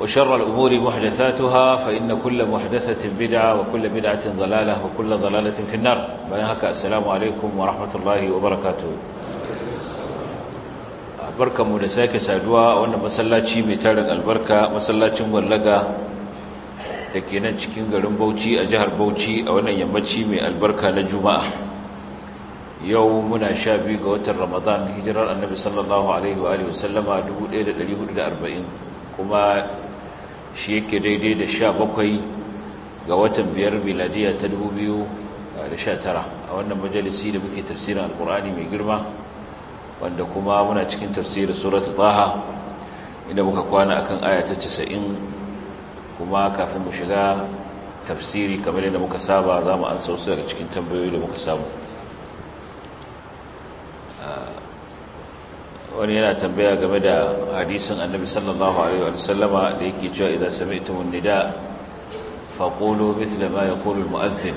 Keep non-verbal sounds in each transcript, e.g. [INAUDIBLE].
وشر الأمور محدثاتها فإن كل محدثة بدعة وكل بدعة ضلالة وكل ضلالة في النار بنهك السلام عليكم ورحمة الله وبركاته بركة مدساك سادوا وأن مسلاتي متارن البركة مسلاتي مغلقة لكي ننشكين غرم بوتي أجهر بوتي وأن يمتي من البركة لجمعة يومنا شابي قوة رمضان هجرة النبي صلى الله عليه وآله وسلم 1440 kuma shi yake daidai da sha bakwai ga watan biyar miladiyya ta dubu biyu da sha tara a wannan majalisi da muke tafsirin alkur'ani mai girma wanda kuma muna cikin tafsirin suratu taha inda muka kwana akan aya ta casa'in kuma kafin mu shiga tafsiri kamar yadda muka saba za mu ansa wasu daga cikin tambayoyi da muka samu ah, wani yana tambaya game da hadisin annabi sallallahu alaihi wa sallama da yake cewa idan sami'tum an-nida faqulu mithla ma yaqulu al-mu'adhdhin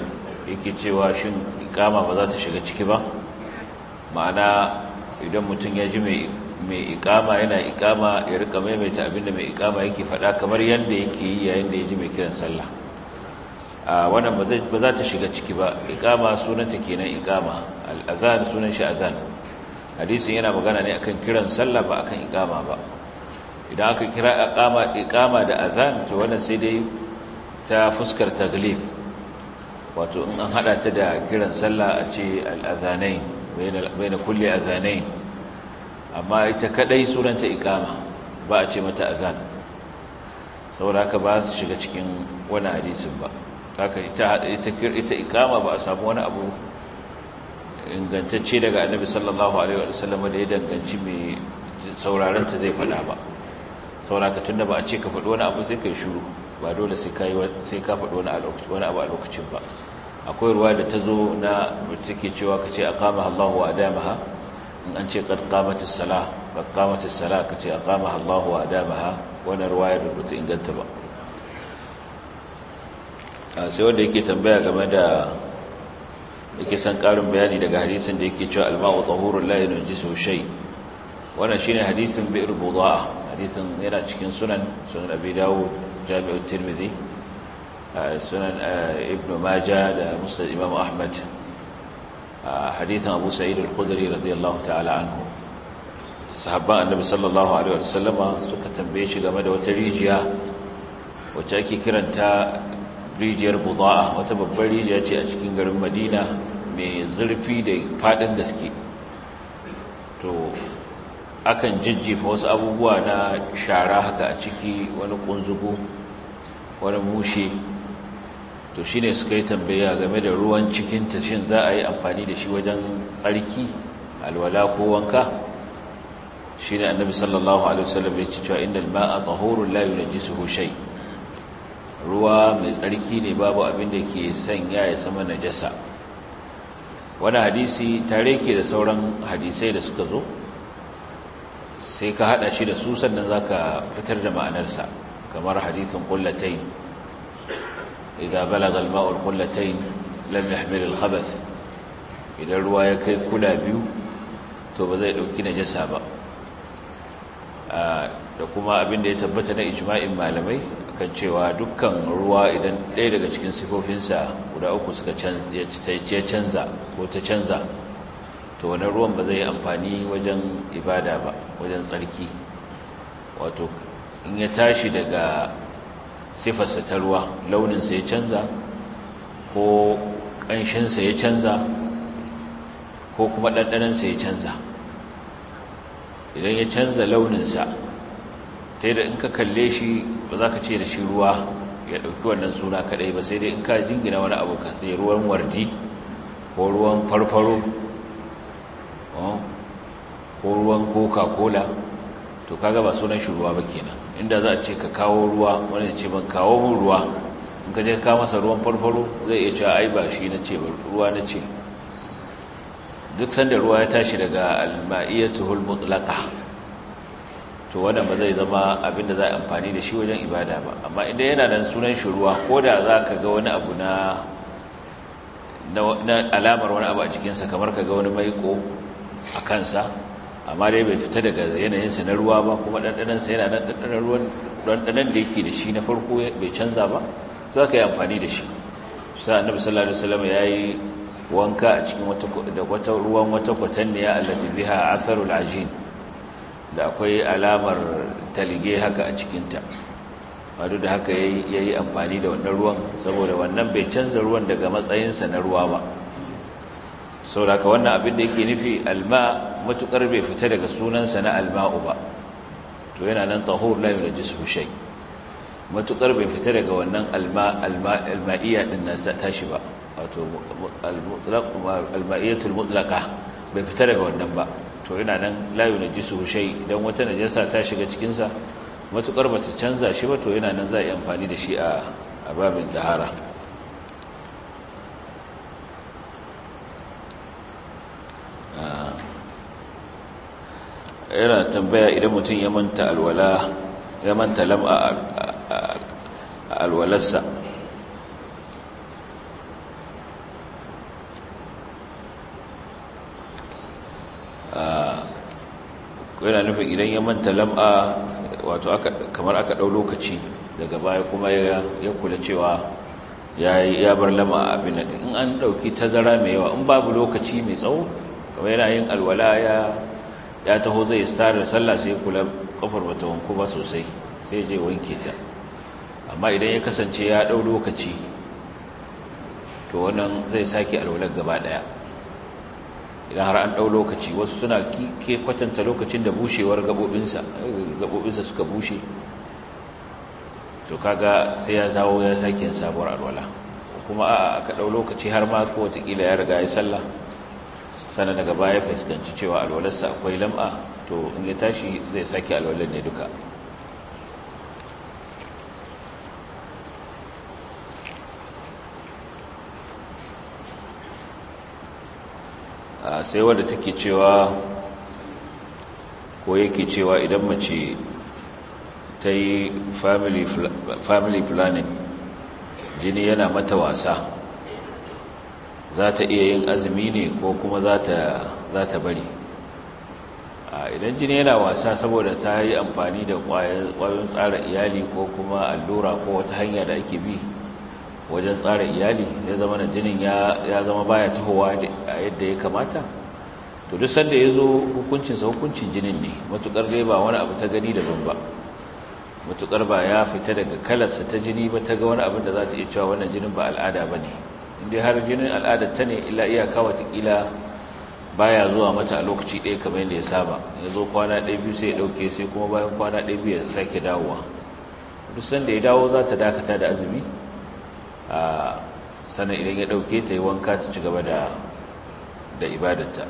yake cewa shin ikama ba za ta shiga ciki ba ma'ana idan mutum ya ji mai ikama yana ikama ya rika maimaita abinda mai ikama yake faɗa kamar yadda yake yi yayin da ya ji mai kiran sallah a wannan ba za ta shiga ciki ba ikama sunanta kenan ikama al-adhan sunan shi adhan hadisin yana magana ne akan kiran sallah ba akan iqama ba idan aka kira iqama iqama da azan to wannan sai dai ta fuskar taglib wato in an hada ta da kiran sallah a ce al-azanain bayna kulli azanain amma ita kadai sunanta iqama ba a ce mata azan saboda haka ba su shiga cikin wani hadisin ba haka ita ita ita iqama ba a samu wani abu ingantacce daga annabi sallallahu alaihi wasallam da ya danganci mai sauraron ta zai faɗa ba sauraka tunda ba a ce ka faɗi wani abu sai kai shiru ba dole sai ka sai ka faɗi wani wani abu a lokacin ba akwai ruwa da ta zo na take cewa ka ce aqama Allahu wa adamaha in an ce qad qamat as-salah qad qamat as-salah ka ce aqama Allahu wa adamaha wannan ruwaya da bata inganta ba ah, sai wanda yake tambaya game da yake san karin bayani daga hadisin da yake cewa alma'u tahurul la yunjisu shay wannan shine hadisin bi'r budaa hadisin yana cikin sunan sunan abi dawud jami'ut tirmidhi sunan ibnu majah da musnad imam ahmad hadisin abu sa'id al-khudri radiyallahu ta'ala anhu sahabban annabi sallallahu alaihi wasallama suka tambaye shi game da wata rijiya wacce ake kiranta rijiyar buda'a wata babbar rijiya ce a cikin garin madina mai zurfi da fadin gaske to akan jijjifa wasu abubuwa na shara haka a ciki wani kunzugu wani mushe to shi ne suka yi tambaya game da ruwan cikinta tashin za a yi amfani da shi wajen tsarki alwala ko wanka shi ne annabi sallallahu alaihi wasallam ya ci cewa inda ma'a tsahorun layu na jisu hushai ruwa mai tsarki ne babu abin da ke sanya ya sama najasa wani hadisi tare ke da sauran hadisai da suka zo sai ka hada shi da su sannan za ka fitar da ma'anarsa kamar hadithin kullatain idan balagal ma'ul kullatain lam yahmil al idan ruwa ya kai kula biyu to ba zai dauki najasa ba ah, da kuma abin da ya tabbata na ijma'in malamai kan cewa dukkan ruwa idan ɗaya daga cikin sifofinsa guda uku suka canza ko ta canza to wani ruwan ba zai yi amfani wajen ibada ba wajen tsarki wato in ya tashi daga sifarsa ta ruwa launinsa ya canza ko ƙanshinsa ya canza ko kuma ɗanɗanansa ya canza idan ya canza launinsa ta da in ka kalle shi ba za ka ce da shi ruwa ya ɗauki wannan suna kaɗai ba sai dai in ka jingina wani abu ka sai ruwan wardi ko ruwan farfaro oh, ko ruwan coca-cola to ka gaba sunan shi ruwa ba kenan inda za a ce ka kawo ruwa wani ce ban kawo mun ruwa in ka je ka masa ruwan farfaro zai iya cewa ai ba shi na ce ruwa na ce duk sanda ruwa ya tashi daga alma'iyyatu hulmutlaqa to wannan ba zai zama abin da za a amfani da shi wajen ibada ba amma idan yana nan sunan shi ko da za ka ga wani abu na alamar wani abu a jikinsa kamar ka ga wani maiko a kansa amma dai bai fita daga yanayinsa na ruwa ba kuma ɗanɗanansa yana nan da yake da shi na farko bai canza ba za ka yi amfani da shi sa annabi sallallahu alaihi ya wanka a cikin wata ruwan wata kwatanniya allati biha atharul ajin da akwai alamar talige haka a cikinta wadu da haka ya yi amfani da wannan ruwan saboda wannan bai canza ruwan daga matsayinsa na ruwa ba sau da ka wannan abin da yake nufi alma matukar bai fita daga sunansa na alma'u ba to yana nan tahur layu da jisu shai matukar bai fita daga wannan alma'iyya din na tashi ba wato alma'iyyatul mutlaka bai fita daga wannan ba to yana nan la jisu shay idan wata najasa ta shiga cikin sa matukar ta canza shi ba to yana nan za a yi amfani da shi a babin tahara ah. yana tambaya idan mutum ya manta alwala ya manta lam'a alwalarsa Ah, yana nufin idan ya manta lam'a wato kamar aka ɗau lokaci daga baya kuma ya kula cewa ya bar lama abin da in an ɗauki tazara mai yawa in babu lokaci mai tsawo kamar yana yin alwala ya taho zai starar sallah sai kula kafar wata wanku ba sosai sai je wanke ta amma idan ya kasance ya ɗau lokaci to wannan zai sake alwalar gaba ɗaya idan har an ɗau lokaci wasu suna ke kwatanta lokacin da bushewar gaɓoɓinsa suka bushe to kaga sai ya zawo ya sake yin sabuwar alwala kuma a aka ɗau lokaci har ma ko watakila ya riga ya sallah Sana daga baya fuskanci cewa alwalarsa akwai lam'a to in ya tashi zai sake alwalar ne duka Ah, sai wadda take cewa ko yake cewa idan mace ta yi family planning jini yana mata wasa za ta iya yin azumi ne ko kuma za ta bari ah, idan jini yana wasa saboda ta yi amfani da kwayoyin tsara iyali ko kuma allura ko wata hanya da ake bi wajen tsara iyali ya zama na jinin ya zama baya tahowa a yadda ya kamata to duk sanda ya zo hukuncinsa hukuncin jinin ne matukar dai ba wani abu ta gani daban ba matukar ba ya fita daga kalarsa ta jini ba ta ga wani abin da za ta iya cewa wannan jinin ba al'ada ba ne inda har jinin al'ada ta ne ila iyaka watakila ya zuwa mata a lokaci ɗaya kamar yadda ya saba ya zo kwana ɗaya biyu sai ya ɗauke sai kuma bayan kwana ɗaya biyu ya sake dawowa duk sanda ya dawo za ta dakata da azumi sannan idan ya ɗauke ta yi wanka ta ci gaba da ibadarta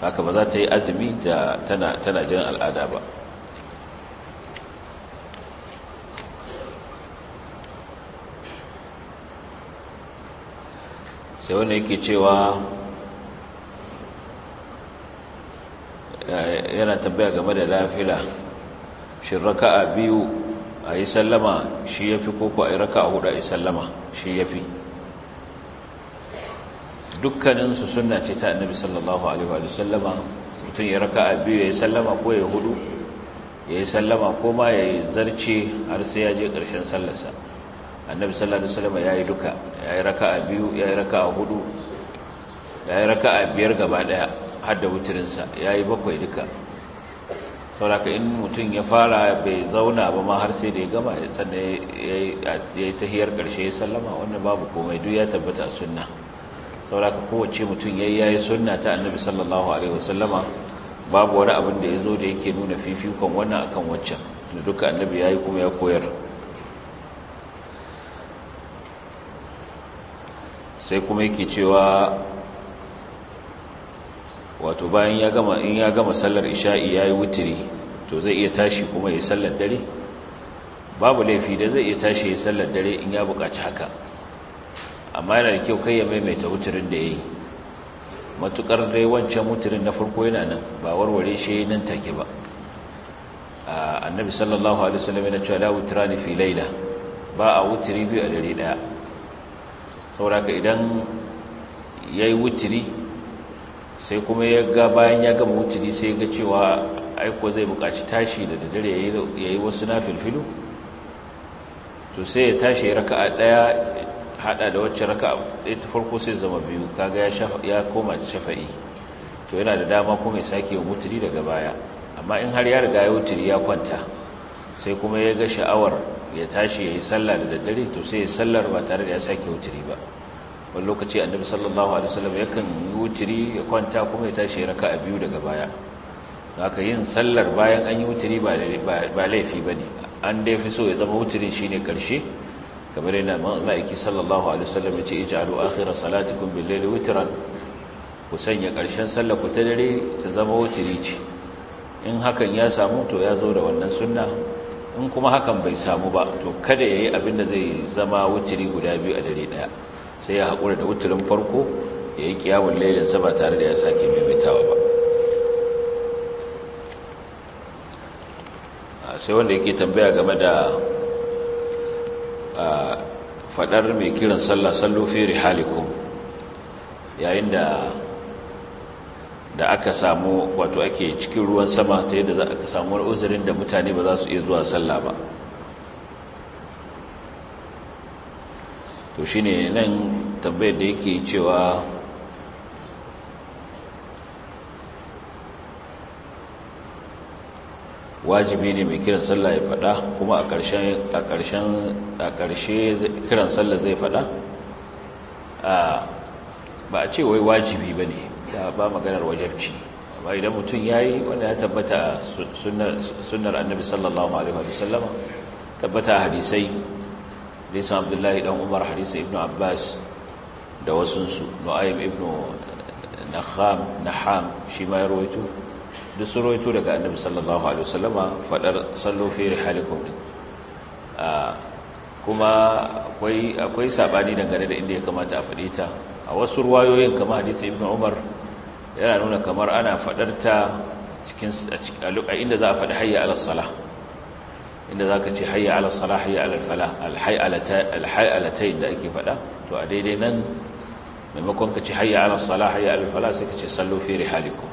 haka ba za ta yi azumi tana jin al'ada ba sai wanda yake cewa eh, yana tambaya game da lafila shirraka a biyu a yi sallama shi ya fi koko a yi raka a hudu a yi sallama shi ya fi dukkaninsu suna ce ta annabi sallallahu alaihi wa sallama mutum ya raka a biyu ya yi sallama ko ya hudu ya yi sallama ko ma ya yi zarce har sai ya je ƙarshen sallarsa annabi sallallahu alaihi wa sallama ya yi duka ya yi raka a biyu ya yi raka a hudu ya yi raka a biyar gaba ɗaya har da wutirinsa ya yi bakwai duka sauraka in mutum ya fara bai zauna ba ma har sai da ya gama sannan ya yi tahiyar ƙarshe ya sallama wannan babu komai duk ya tabbata a sunna sauraka kowace mutum ya yi ya yi sunna ta annabi sallallahu alaihi wasallama babu wani abin da ya zo da yake nuna fifikon wannan akan waccan da duka annabi ya yi kuma ya koyar sai kuma yake cewa wato bayan ya gama in ya gama sallar isha'i yayi wuturi, to zai iya tashi kuma ya sallar dare babu laifi da zai iya tashi ya sallar dare in ya buƙaci haka amma yana da kyau kai ya maimaita wuturin da yayi matukar dai wancan wuturin na farko yana nan ba warware shi nan take ba annabi sallallahu alaihi wasallam yana cewa la wutrani fi layla ba a biyu a dare daya saboda idan yayi wutiri sai kuma ya ga bayan ya gama wuturi sai ga cewa aiko zai bukaci tashi da daddare ya yi wasu na filfilu to sai ya tashi raka a ɗaya hada da wacce raka ɗaya ta farko sai zama biyu kaga ya koma shafa'i to yana da dama kuma ya sake wuturi daga baya amma in har ya riga ya wuturi ya kwanta sai kuma ya ga sha'awar ya tashi ya yi sallah da daddare to sai ya sallar ba tare da ya sake wuturi ba wani lokaci annabi sallallahu alaihi wasallam yakan yi wuturi ya kwanta kuma ya tashi ya raka a biyu daga baya haka yin sallar bayan an yi wuturi ba laifi ba ne an dai fi so ya zama wuturi shi ne ƙarshe kamar yana ma'aiki sallallahu alaihi wasallam ya ce ija alu akhira salatikum billahi wuturan ku sanya ƙarshen sallar ku ta dare ta zama wuturi ce in hakan ya samu to ya zo da wannan sunna in kuma hakan bai samu ba to kada ya yi abin da zai zama wuturi guda biyu a dare ɗaya sai ya haƙura da wuturin farko ya yi kiyamun lailinsa ba tare da ya sake maimaitawa ba ah, sai wanda yake tambaya game da ah, fadar mai kiran sallah sallu fere rihalikum yayin da da aka samu wato ake cikin ruwan sama ta yadda aka samu wani uzurin da mutane ba za su iya zuwa sallah ba to shine nan tambayar da yake cewa wajibi ne mai kiran sallah ya fada kuma a ƙarshen a ƙarshen a ƙarshe kiran sallah zai fada ba a ce wai wajibi ba ne ba maganar wajabci amma idan mutum ya yi wanda ya tabbata sunnar annabi sallallahu alaihi wa sallam tabbata hadisai hadisan abdullahi dan umar hadisan ibnu abbas da wasunsu nu'aym ibnu naham naham shi ma ya rawaito duk sun rawaito daga annabi sallallahu alaihi wasallama fadar sallu fi rihalikum din kuma akwai akwai sabani dangane da inda ya kamata a fadi ta a wasu ruwayoyin kamar hadisi ibn umar yana nuna kamar ana fadar ta cikin a inda za a fadi hayya ala salah inda za ka ce hayya ala salah hayya ala falah alhayyalatayn da ake fada to a daidai nan maimakon ka ce hayya ala salah hayya ala falah sai ka ce sallu fi rihalikum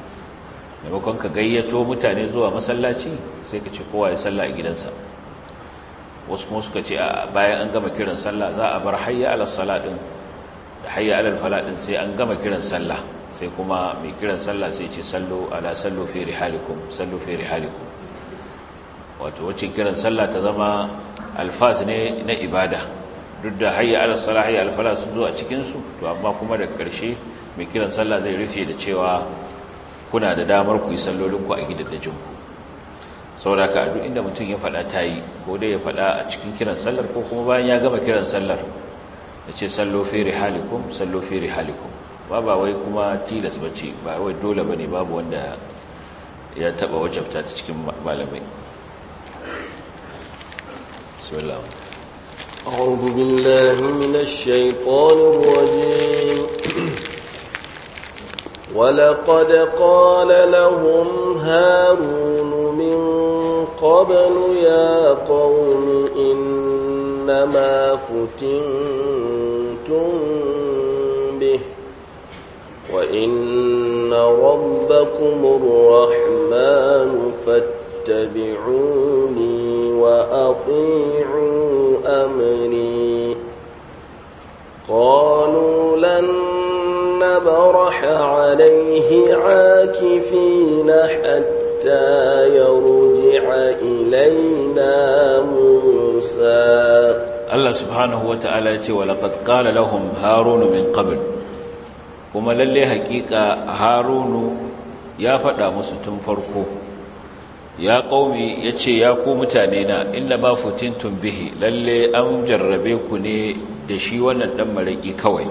maimakon ka gayyato mutane zuwa masallaci sai ka ce kowa ya salla a gidansa wasu kuma suka ce bayan an gama kiran sallah za a bar hayya alal salatin da hayya alal faladin sai an gama kiran sallah sai kuma mai kiran sallah sai ce sallu ala sallu fi rihalikum sallu fi rihalikum wato wacce kiran sallah ta zama alfaz ne na ibada duk da hayya ala salah hayya alfala sun zo a cikin su to amma kuma da karshe mai kiran sallah zai rufe da cewa kuna da damar ku yi sallolinku a gidan da gidaddajinku saboda ka duk inda mutum ya faɗa ta yi ko dai ya faɗa a cikin kiran sallar ko kuma bayan ya gama kiran sallar da ce sallo fi rihalikum sallo fi rihalikum ba ba wai kuma tilas bace ba wai dole bane babu wanda ya taba wajabta ta cikin malamai bismillah أعوذ بالله من الشيطان الرجيم ولقد قال لهم هارون من قبل يا قوم إنما فتنتم به وإن ربكم الرحمن فاتبعوني وأطيعوا أمري قالوا نبرح عليه عاكفين حتى يرجع إلينا موسى الله سبحانه وتعالى ولقد قال لهم هارون من قبل kuma lalle hakika harunu ya faɗa musu tun farko ya ƙaumi ya ce ya ku mutane na inna ma futintun bihi lalle an jarrabe ku ne da shi wannan ɗan maraƙi kawai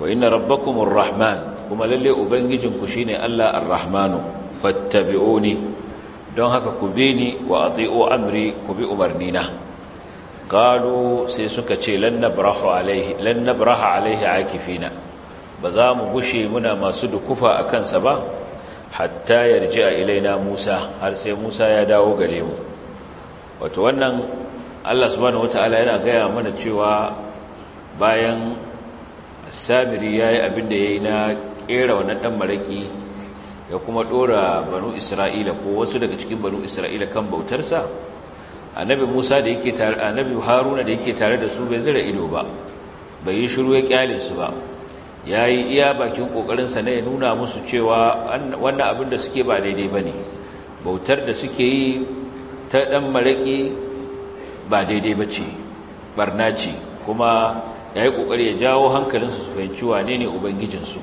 wa inna rabbakumur rahman kuma lalle ubangijinku shine Allah ar-rahmanu ni don haka ku bi ni wa ati'u amri ku bi umarnina qalu sai suka ce lan nabrahu alaihi lan nabraha alaihi akifina ba za mu gushe muna masu dukufa akan sa ba hatta yarji'a ilaina Musa har sai Musa ya dawo gare mu wato wannan Allah subhanahu wataala yana gaya mana cewa bayan samiri ya yi abin da ya yi na kera wannan ɗan maraƙi ya kuma ɗora banu isra'ila ko wasu daga cikin banu isra'ila kan bautarsa annabi musa da yake tare annabi haruna da yake tare da su bai zira ido ba bai yi shiru ya kyale su ba ya yi iya bakin ƙoƙarinsa na ya nuna musu cewa wannan abin da suke ba daidai ba ne bautar da suke yi ta ɗan maraƙi ba daidai ba ce ɓarna ce kuma ya yi ƙoƙari ya jawo hankalinsu su fahimci wane ne ubangijinsu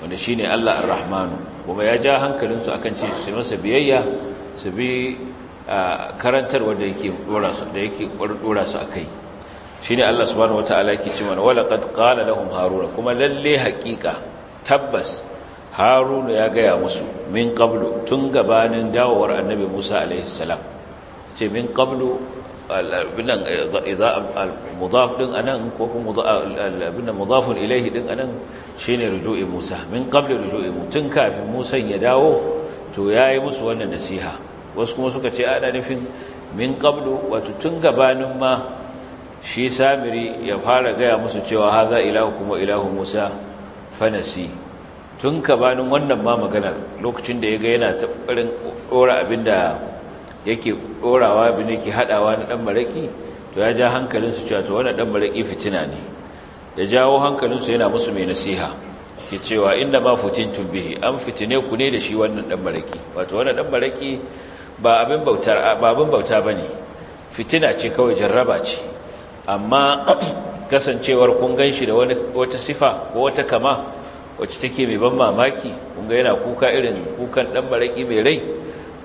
wanda shi ne allah al-rahu rahmanu kuma ya ja hankalinsu a kan ce su masa biyayya su bi karantarwa da yake ɗora su a kai shi ne allah subhanahu wata'ala ke ci mana wala ƙala da lahum haruna kuma lalle haƙiƙa tabbas haruna ya gaya musu min ƙablu, tun gabanin dawowar annabi musa alaihi salam ce min ƙablu al'abinan mudaf din anan ko kuma al'abinan mudafun ilaihi din anan shine ruju'i Musa min qabli ruju'i mutun kafin Musa ya dawo to yayi musu wannan nasiha wasu kuma suka ce ana nufin min qablu wato tun gabanin ma shi Samiri ya fara gaya musu cewa haza ilahu kuma ilahu Musa fanasi tun gabanin wannan ma maganar lokacin da ya ga yana ta kokarin dora abinda yake ɗorawa abin yake haɗawa na ɗan maraƙi to ya ja hankalinsu cewa to wani ɗan maraƙi fitina ne ya jawo hankalinsu yana musu mai nasiha ke cewa inda ma fitintun bihi an fitine ku ne da shi wannan ɗan maraƙi wato wani ɗan maraƙi ba abin bauta ba ne fitina ce kawai jarraba ce amma [CLEARS THROAT] kasancewar kun gan shi da wata sifa ko wata kama wacce take mai ban mamaki kun ga yana kuka irin kukan ɗan maraƙi mai rai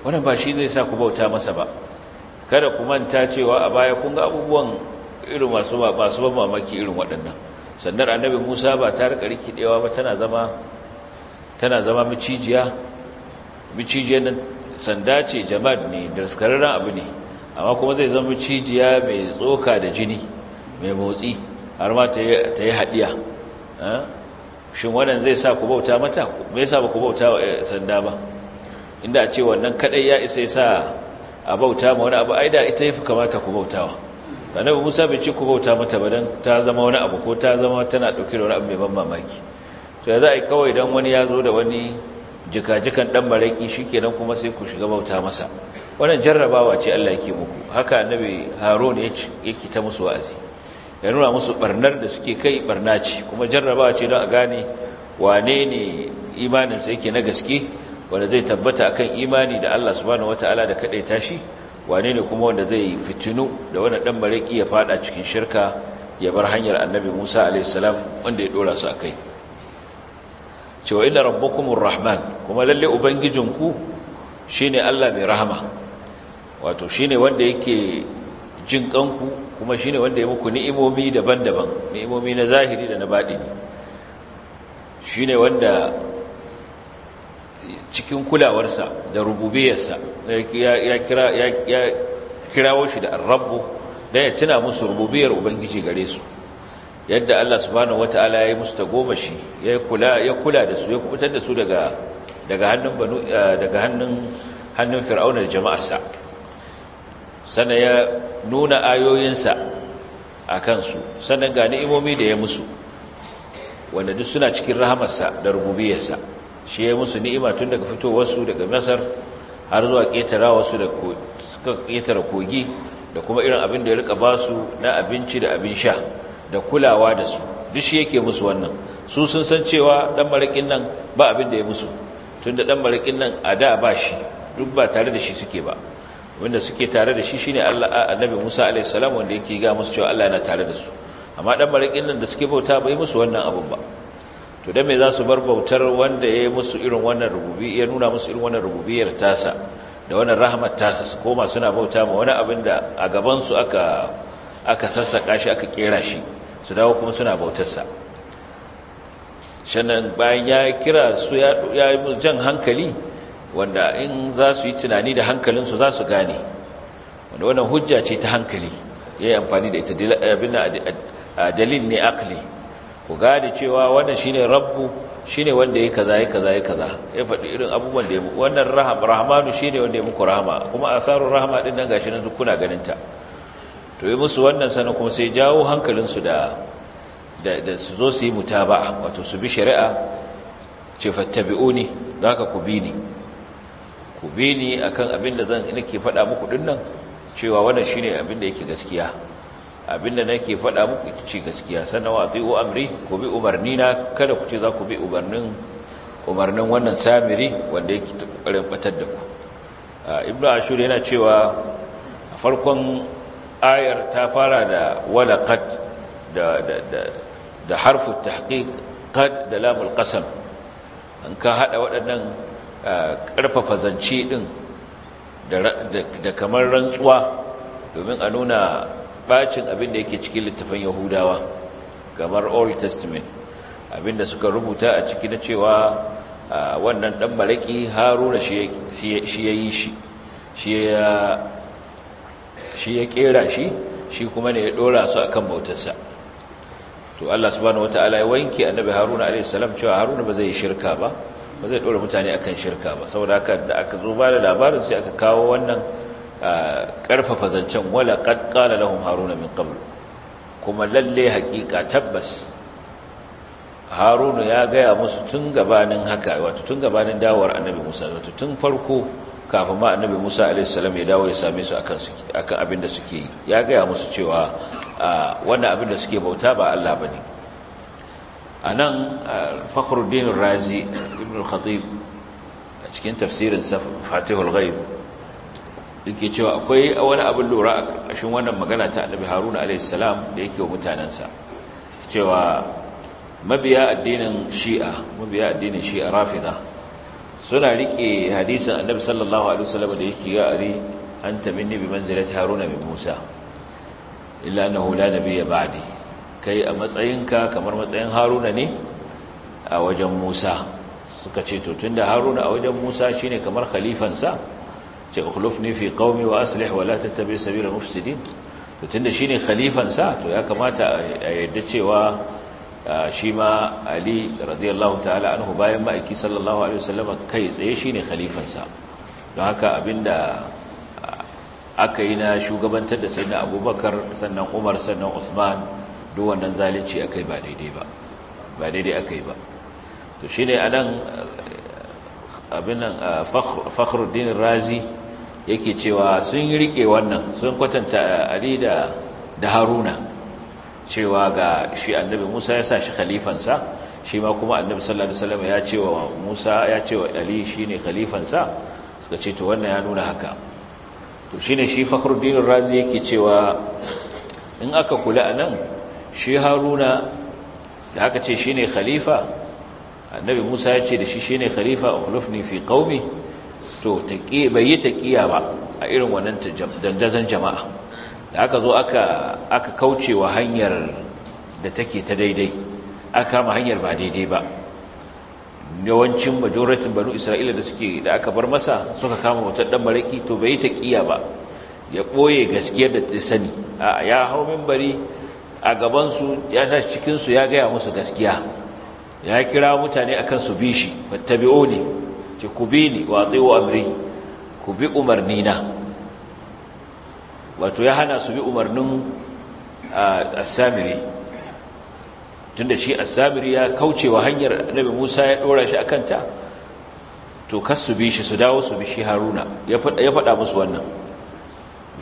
wannan ba shi zai sa ku bauta masa ba kada ku manta cewa a baya kun ga abubuwan irin masu masu ban mamaki irin waɗannan sannan annabi Musa ba ta rika rikidewa ba tana zama tana zama micijiya micijiyar nan sanda ce jama'a ne da skararren abu ne amma kuma zai zama micijiya mai tsoka da jini mai motsi har ma ta yi haɗiya eh? shin wannan zai sa ku bauta mata me yasa ba ku bauta eh, sanda ba inda a ce wannan kadai ya isa yasa a bauta ma wani abu aida ita yafi kamata ku bautawa annabi Musa bai ci ku bauta mata ba dan ta zama wani abu ko ta zama tana dauke da wani abu mai ban mamaki to za a yi kawai dan wani ya zo da wani jikajikan dan maraki shikenan kuma sai ku shiga bauta masa wannan jarrabawa ce Allah yake muku haka annabi Harun yake ta musu wa'azi ya nuna musu barnar da suke kai barna ce kuma jarrabawa ce don a gane wane ne imaninsa yake na gaske wanda zai tabbata akan imani da Allah subhanahu wataala da ta shi wane ne kuma wanda zai fitinu da wani dan baraki ya fada cikin shirka ya bar hanyar annabi Musa alaihi salam wanda ya dora su akai cewa inna rabbukumur rahman kuma lalle ubangijinku shine Allah mai rahama wato shine wanda yake jin kanku kuma shine wanda ya muku ni'imomi daban-daban ni'imomi na zahiri da na baɗini shine wanda cikin kulawarsa da rububiyarsa ya kira ya kirawo shi da ar-rabbu da ya tuna musu rububiyar ubangiji gare su yadda Allah subhanahu wataala ya yi musu tagomashi ya kula ya kula da su ya kubutar da su daga hannun banu eh, hannun hannun fir'auna da jama'arsa sana ya nuna ayoyinsa a kansu sannan ga ni'imomi da ya musu wanda duk suna cikin rahamarsa da rububiyarsa shi ya musu ni'ima tun daga fitowarsu daga masar har zuwa ƙetara wasu da suka ƙetara kogi da kuma irin abin da ya rika basu na abinci da abin sha da kulawa da su duk shi yake musu wannan su sun san cewa dan marakin nan ba abin da ya musu tun da dan marakin nan a da ba shi duk ba tare da shi suke ba wanda suke tare da shi shine Allah annabi Musa alaihi salam wanda yake ga musu cewa Allah yana tare da su amma dan marakin nan da suke bauta bai musu wannan abun ba to dan me za su bar bautar wanda ya musu irin wannan ya nuna musu irin wannan rububiyar tasa da wannan rahmat tasa su koma suna bauta ma wani abin da a gaban su aka aka sassaka shi aka kera shi su dawo kuma suna bautar sa shannan bayan ya kira su ya yi jan hankali wanda in za su yi tunani da hankalin su za su gane wanda wannan hujja ce ta hankali ya yi amfani da ita abin dalil ne akli ku gane cewa wannan shine rabbu shine wanda yake kaza yake kaza yake kaza ya faɗi irin abubuwan da ya wannan raham rahmanu shine wanda ya muku rahama kuma asarur rahama din nan gashi nan kuna ganin ta to yi musu wannan sanan kuma sai jawo hankalin su da da su zo su yi mutaba'a wato su bi shari'a ce fattabi'uni zaka ku bi ni ku bi ni akan abin da zan nake faɗa muku din nan cewa wannan shine abin da yake gaskiya abinda nake faɗa muku ita ce gaskiya sannan wa ati'u amri ku bi umarni na kada ku ce za ku bi umarnin umarnin wannan samiri wanda yake kokarin batar da ku ibnu ashur yana cewa farkon ayar ta fara da wala da da da da harfu tahqiq qad da lamul qasam an ka hada waɗannan ƙarfafa zance ɗin, da kamar rantsuwa domin a nuna bacin abin da yake cikin littafin yahudawa kamar old testament abin da suka rubuta a ciki na cewa wannan dan maraki haruna shi ya shi shi ya kera shi shi kuma ne ya dora su akan bautarsa to Allah subhanahu wataala ya wanke annabi haruna alaihi cewa haruna ba zai yi shirka ba ba zai dora mutane akan shirka ba saboda haka da aka zo ba da labarin sai aka kawo wannan ƙarfafa zancen wala qad haruna min qabl kuma lalle haƙiƙa tabbas haruna ya gaya musu tun gabanin haka wato tun gabanin dawowar annabi musa wato tun farko kafin ma annabi musa alaihissalam ya dawo ya same su akan abin da suke yi ya gaya musu cewa wannan abin da suke bauta ba allah ba ne a nan razi ibn al-khatib a cikin tafsirin fatihul ghaib yake cewa akwai wani abin lura a ƙarƙashin wannan magana ta annabi haruna alaihissalam da yake wa mutanensa cewa mabiya addinin shi'a mabiya addinin shi'a rafida suna rike hadisin annabi sallallahu alaihi wasallam da yake ga ari an taminni bi manzilati haruna bin musa illa annahu la nabiyya ba'di kai a matsayinka kamar matsayin haruna ne a wajen musa suka ce to tunda haruna a wajen musa shine kamar khalifansa ce ukhlufni fi qaumi wa aslih wa la tattabi sabila mufsidin to tunda shine khalifan sa to ya kamata a yadda cewa shi ma ali radiyallahu ta'ala anhu bayan aiki sallallahu alaihi wasallam kai tsaye shine khalifan sa don haka abinda aka yi na shugabantar da sayyidina abubakar sannan umar sannan usman duk wannan zalunci akai ba daidai ba ba daidai akai ba to shine anan abin fakhruddin razi yake cewa sun yi rike wannan sun kwatanta ali da da haruna cewa ga shi annabi musa ya sa shi khalifansa shi ma kuma annabi sallallahu alaihi wasallam ya cewa musa ya cewa ali shine khalifansa suka ce to wannan ya nuna haka to shine shi fakhruddin razi yake cewa in aka kula anan shi haruna da aka ce shine khalifa annabi musa ya ce da shi shine khalifa ukhlifni fi qaumi to bai yi taƙiya ba a irin wannan dandazon jama'a da aka zo aka kauce wa hanyar da take ta daidai aka kama hanyar ba daidai ba yawancin majoratin banu isra'ila da suke da aka bar masa suka kama wata ɗan mariki to bai yi taƙiya ba ya ɓoye gaskiyar da ta sani a ya hau mimbari a gabansu ya sa cikinsu ya gaya musu gaskiya ya kira mutane akan su bi shi ne. ce ku bi ni wa amri ku bi umarni na wato ya hana su bi umarnin asamiri da shi asamiri ya kauce wa hanyar nabi musa ya dora shi a kanta to kas bi shi su dawo su bi shi haruna ya faɗa musu wannan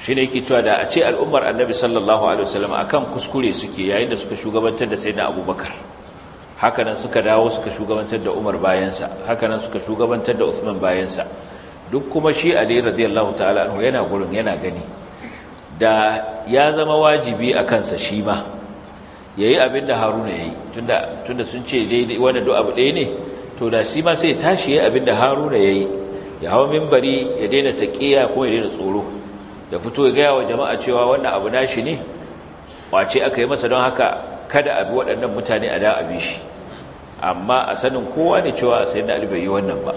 shi ne yake cewa da a ce al'ummar annabi sallallahu alaihi wasallam akan kuskure suke yayin da suka shugabantar da sai na abubakar hakanan suka dawo suka shugabantar da Umar bayansa hakanan suka shugabantar da usman bayansa duk kuma shi Ali radiyallahu ta'ala anhu yana gurin yana gani da ya zama wajibi a kansa shi ma yayi abinda Haruna yayi tunda tunda sun ce dai wanda du'a abu ɗaya ne to da shi ma sai tashi yayi abinda Haruna ya yi ya hawo minbari ya daina taqiya ko ya daina tsoro ya fito ya gaya wa jama'a cewa wannan abu nashi ne wace aka yi masa don haka kada a bi waɗannan mutane a da a bi shi amma a sanin kowa ne cewa a sayi na albayi wannan ba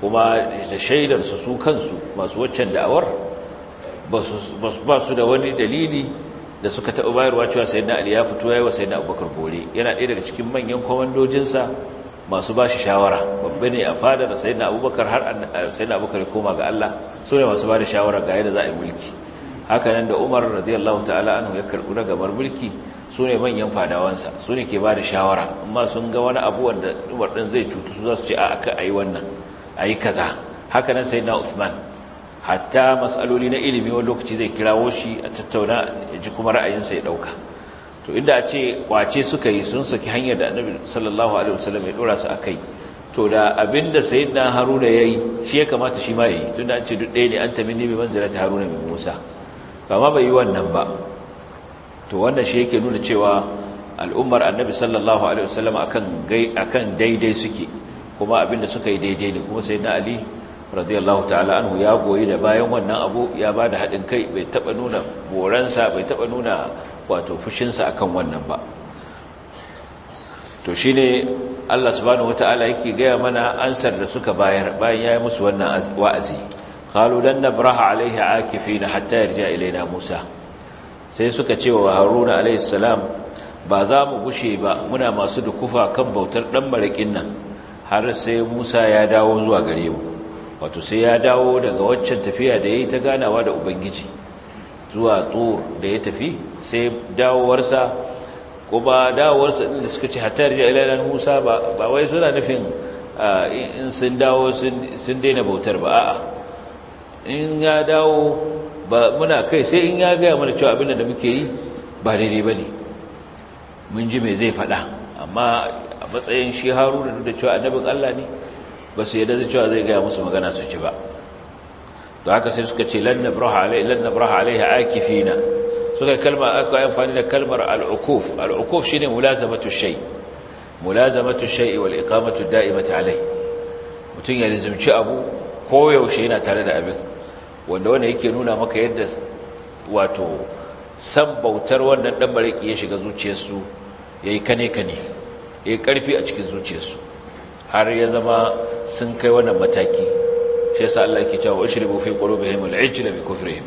kuma da shaidarsu su kansu masu waccan da'awar ba su da wani dalili da suka taɓa bayarwa cewa sayi na ya fito ya yi wa sayi na abubakar bore yana ɗaya daga cikin manyan kwamandojinsa masu ba shi shawara babba ne a fada da sayi na abubakar har sayi da abubakar koma ga allah su ne masu ba da shawara ga yadda za a yi mulki hakanan da umar radiyallahu ta'ala anhu ya karɓi ragamar mulki su ne manyan fadawansa su ne ke ba da shawara amma sun ga wani abu wanda umar ɗin zai cutu su za su ce a aka yi wannan ayi kaza haka nan na Uthman hatta matsaloli na ilimi wani lokaci zai kirawo shi a tattauna ya ji kuma ra'ayinsa ya ɗauka. to inda a ce kwace suka yi sun saki hanyar da annabi sallallahu alaihi wasallam ya dora su akai to da abinda sayyidina haruna yayi shi ya kamata shi ma yayi tunda an ce duk ɗaya ne an ne bi manzilati haruna bi musa kama bai yi wannan ba to wannan shi yake nuna cewa al'ummar annabi sallallahu alaihi wasallam akan akan daidai suke kuma abinda suka yi daidai ne kuma sayyidina ali radiyallahu ta'ala anhu ya goyi da bayan wannan abu ya bada hadin kai bai taba nuna boransa bai taba nuna wato fushinsa akan wannan ba to shine Allah subhanahu wata'ala yake gaya mana ansar da suka bayar bayan yayi musu wannan wa'azi qalu lan nabraha alaihi na hatta yarja ilaina musa sai suka ce wa haruna alaihissalam ba za mu gushe ba muna masu dukufa kan bautar ɗan maraƙin nan har sai musa ya dawo zuwa gare mu wato sai ya dawo daga waccan tafiya da ya yi ta ganawa da ubangiji zuwa tsor da ya tafi sai dawowarsa kuma dawowarsa da suka ce hatar da ilanar musa ba wai suna nufin in sun dawo sun daina bautar ba a'a in ya dawo ba muna kai sai in ya gaya mana cewa abin da muke yi ba daidai ba ne mun ji mai zai faɗa amma a matsayin shi haruna duk da cewa annabin allah ne ba su yadda cewa zai gaya musu magana su ci ba to haka sai suka ce lan nabraha alaihi lan nabraha alaihi akifina suka kalma aka yi amfani da kalmar al'ukuf al'ukuf shine mulazamatu shay mulazamatu shay wal iqamatu da'imatu alai mutun ya lazimci abu koyaushe yana tare da abin wanda wanda yake nuna maka yadda wato san bautar wannan dan bariki ya shiga zuciyarsu yayi kane kane yayi karfi a cikin zuciyarsu har ya zama sun kai wannan mataki shi yasa Allah yake cewa ushribu fi qulubihim al-ijla bi kufrihim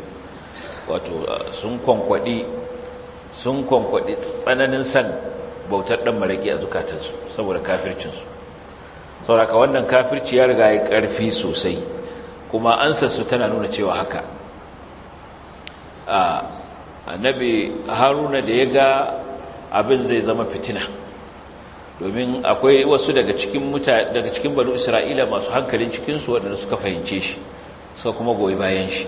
wato sun kwankwadi sun kwankwadi tsananin san bautar dan maraki a zukatansu saboda kafircinsu saboda ka wannan kafirci ya riga ya karfi sosai kuma ansarsu tana nuna cewa haka A annabi haruna da ya ga abin zai zama fitina domin akwai wasu daga cikin daga cikin banu isra'ila masu hankalin cikinsu waɗanda suka fahimce shi suka kuma goyi bayan shi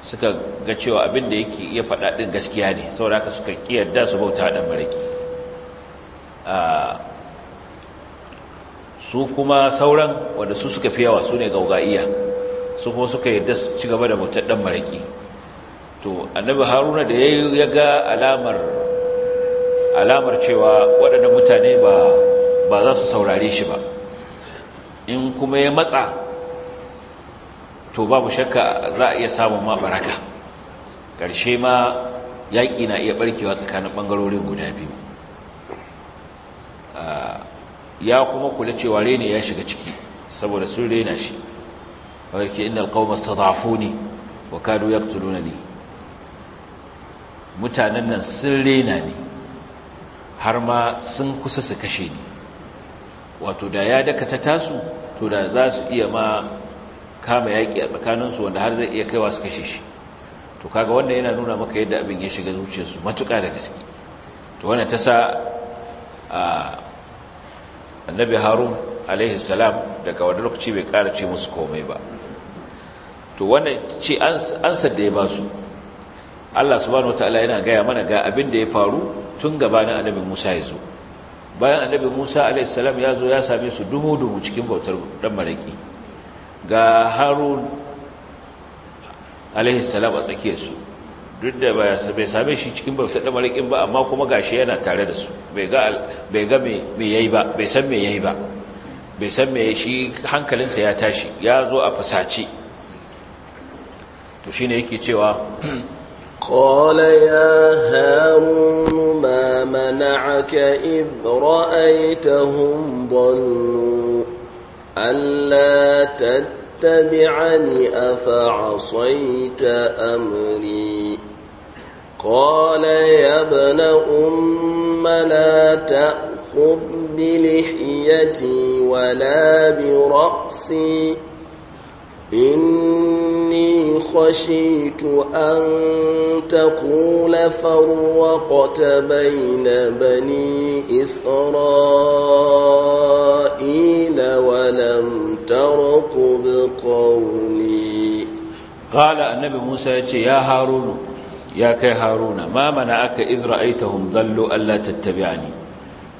suka ga cewa abin da yake iya faɗa ɗin gaskiya ne saboda haka suka da su bauta da maraki su kuma sauran wanda su suka fi yawa su ne gauga'iya su kuma suka yadda su ci gaba da bautar dan maraƙi, to annabi haruna da ya ga alamar cewa waɗanda mutane ba ba za su saurare shi ba in kuma ya matsa to babu shakka za a iya samun ma baraka ƙarshe ma yaƙi na iya ɓarkewa tsakanin ɓangarorin guda biyu ah, ya kuma kula cewa rene ya shiga ciki saboda sun rena shi wai ke innal qauma stadafuni wa kadu yaqtulunani mutanen nan sun rena ni har ma sun kusa su kashe ni wato da ya dakata tasu to da za su iya ma kama yaki a tsakaninsu wanda har zai iya kaiwa su kashe shi to kaga wannan yana nuna maka yadda abin ya shiga zuciyarsu matuƙa da gaske to wannan ta sa ah, annabi harun alaihi salam daga wani lokaci bai ƙara ce musu komai ba to wanda ce ansa da ya ba su Allah subhanahu Ta'ala yana gaya mana ga abin da ya faru tun gaba na annabi Musa ya zo bayan annabi Musa alaihi salam ya zo ya same su duhu duhu cikin bautar dan maraki ga Harun alaihi salam a tsakiyar su duk da bai same shi cikin bauta da malakin ba amma kuma gashi yana tare da su bai ga me yayi ba bai san me yayi ba bai san me shi hankalinsa ya tashi ya zo a fasace to shi ne yake cewa قال يا هارون ما منعك إذ رأيتهم ضلوا ألا تتبعني ta amuri قال يا ابن أم لا تأخذ بلحيتي ولا برأسي إني خشيت أن تقول فرقت بين بني إسرائيل ولم ترقب قولي قال النبي موسى يا هارون ya kai haruna ma mana aka idra aita dallu Allah tattabi'ani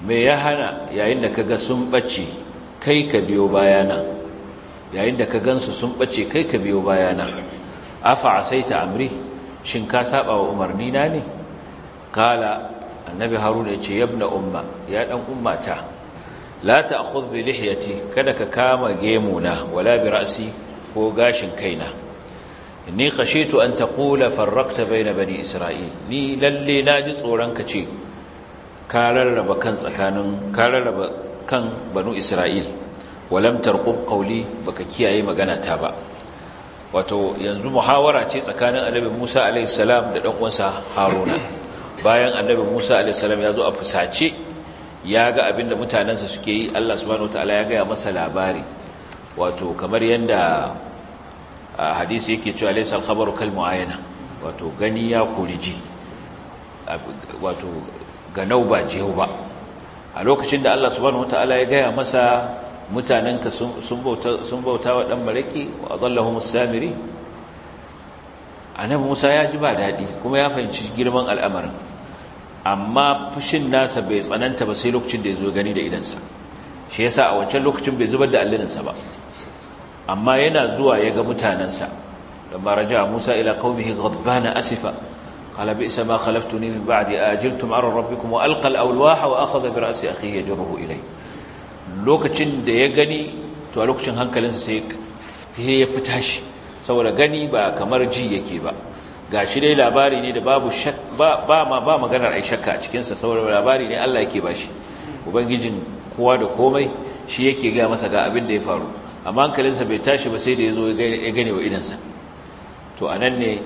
me ya hana yayin da sun kai ka biyo bayana yayin da ka gansu sun bace kai ka biyo bayana afa asaita amri shin ka saba wa umarni na ne kala annabi haruna yace, ce yabna umma ya dan ummata la ta'khudh bi lihyati, kada ka kama gemu na, wala bi ra'si ko gashin kaina inni khashitu an taqula farraqta bayna bani isra'il ni lalle naji tsoron ka ce ka rarraba kan tsakanin ka rarraba kan banu isra'il walam tarqub qawli baka kiyaye magana ta ba wato yanzu muhawara ce tsakanin annabi Musa alaihi salam da dan uwansa Haruna bayan annabi Musa alaihi salam ya zo a fusace ya ga abinda mutanansa suke yi Allah subhanahu wataala ya ga masa labari wato kamar yanda A hadisi yake cewa laysal khabaru kal muayana wato gani ya kuriji wato ga nauba jeho ba a lokacin da Allah subhanahu wataala ya gaya masa mutanenka sun bauta sun bauta wa dan maraki wa adallahum samiri annabi Musa ya ji ba dadi kuma ya fahimci girman al'amarin amma fushin nasa bai tsananta ba sai lokacin da ya zo gani da idansa shi yasa a wancan lokacin bai zubar da allinansa ba amma yana zuwa ya ga mutanensa lamma raja Musa ila qaumihi ghadbana asifa qala bi'sa ma khalaftuni min ba'di ajiltum ala rabbikum wa alqa al-awlaha wa akhadha bi ra'si akhihi yajruhu ilay lokacin da ya gani to a lokacin hankalinsa sai ya fita shi saboda gani ba kamar ji yake ba gashi dai labari ne da babu ba ma ba maganar ai shakka a cikinsa saboda labari ne Allah yake bashi ubangijin kowa da komai shi yake ga masa ga abin da ya faru amma hankalinsa bai tashi ba sai da ya zo ya gane wa idansa to a nan ne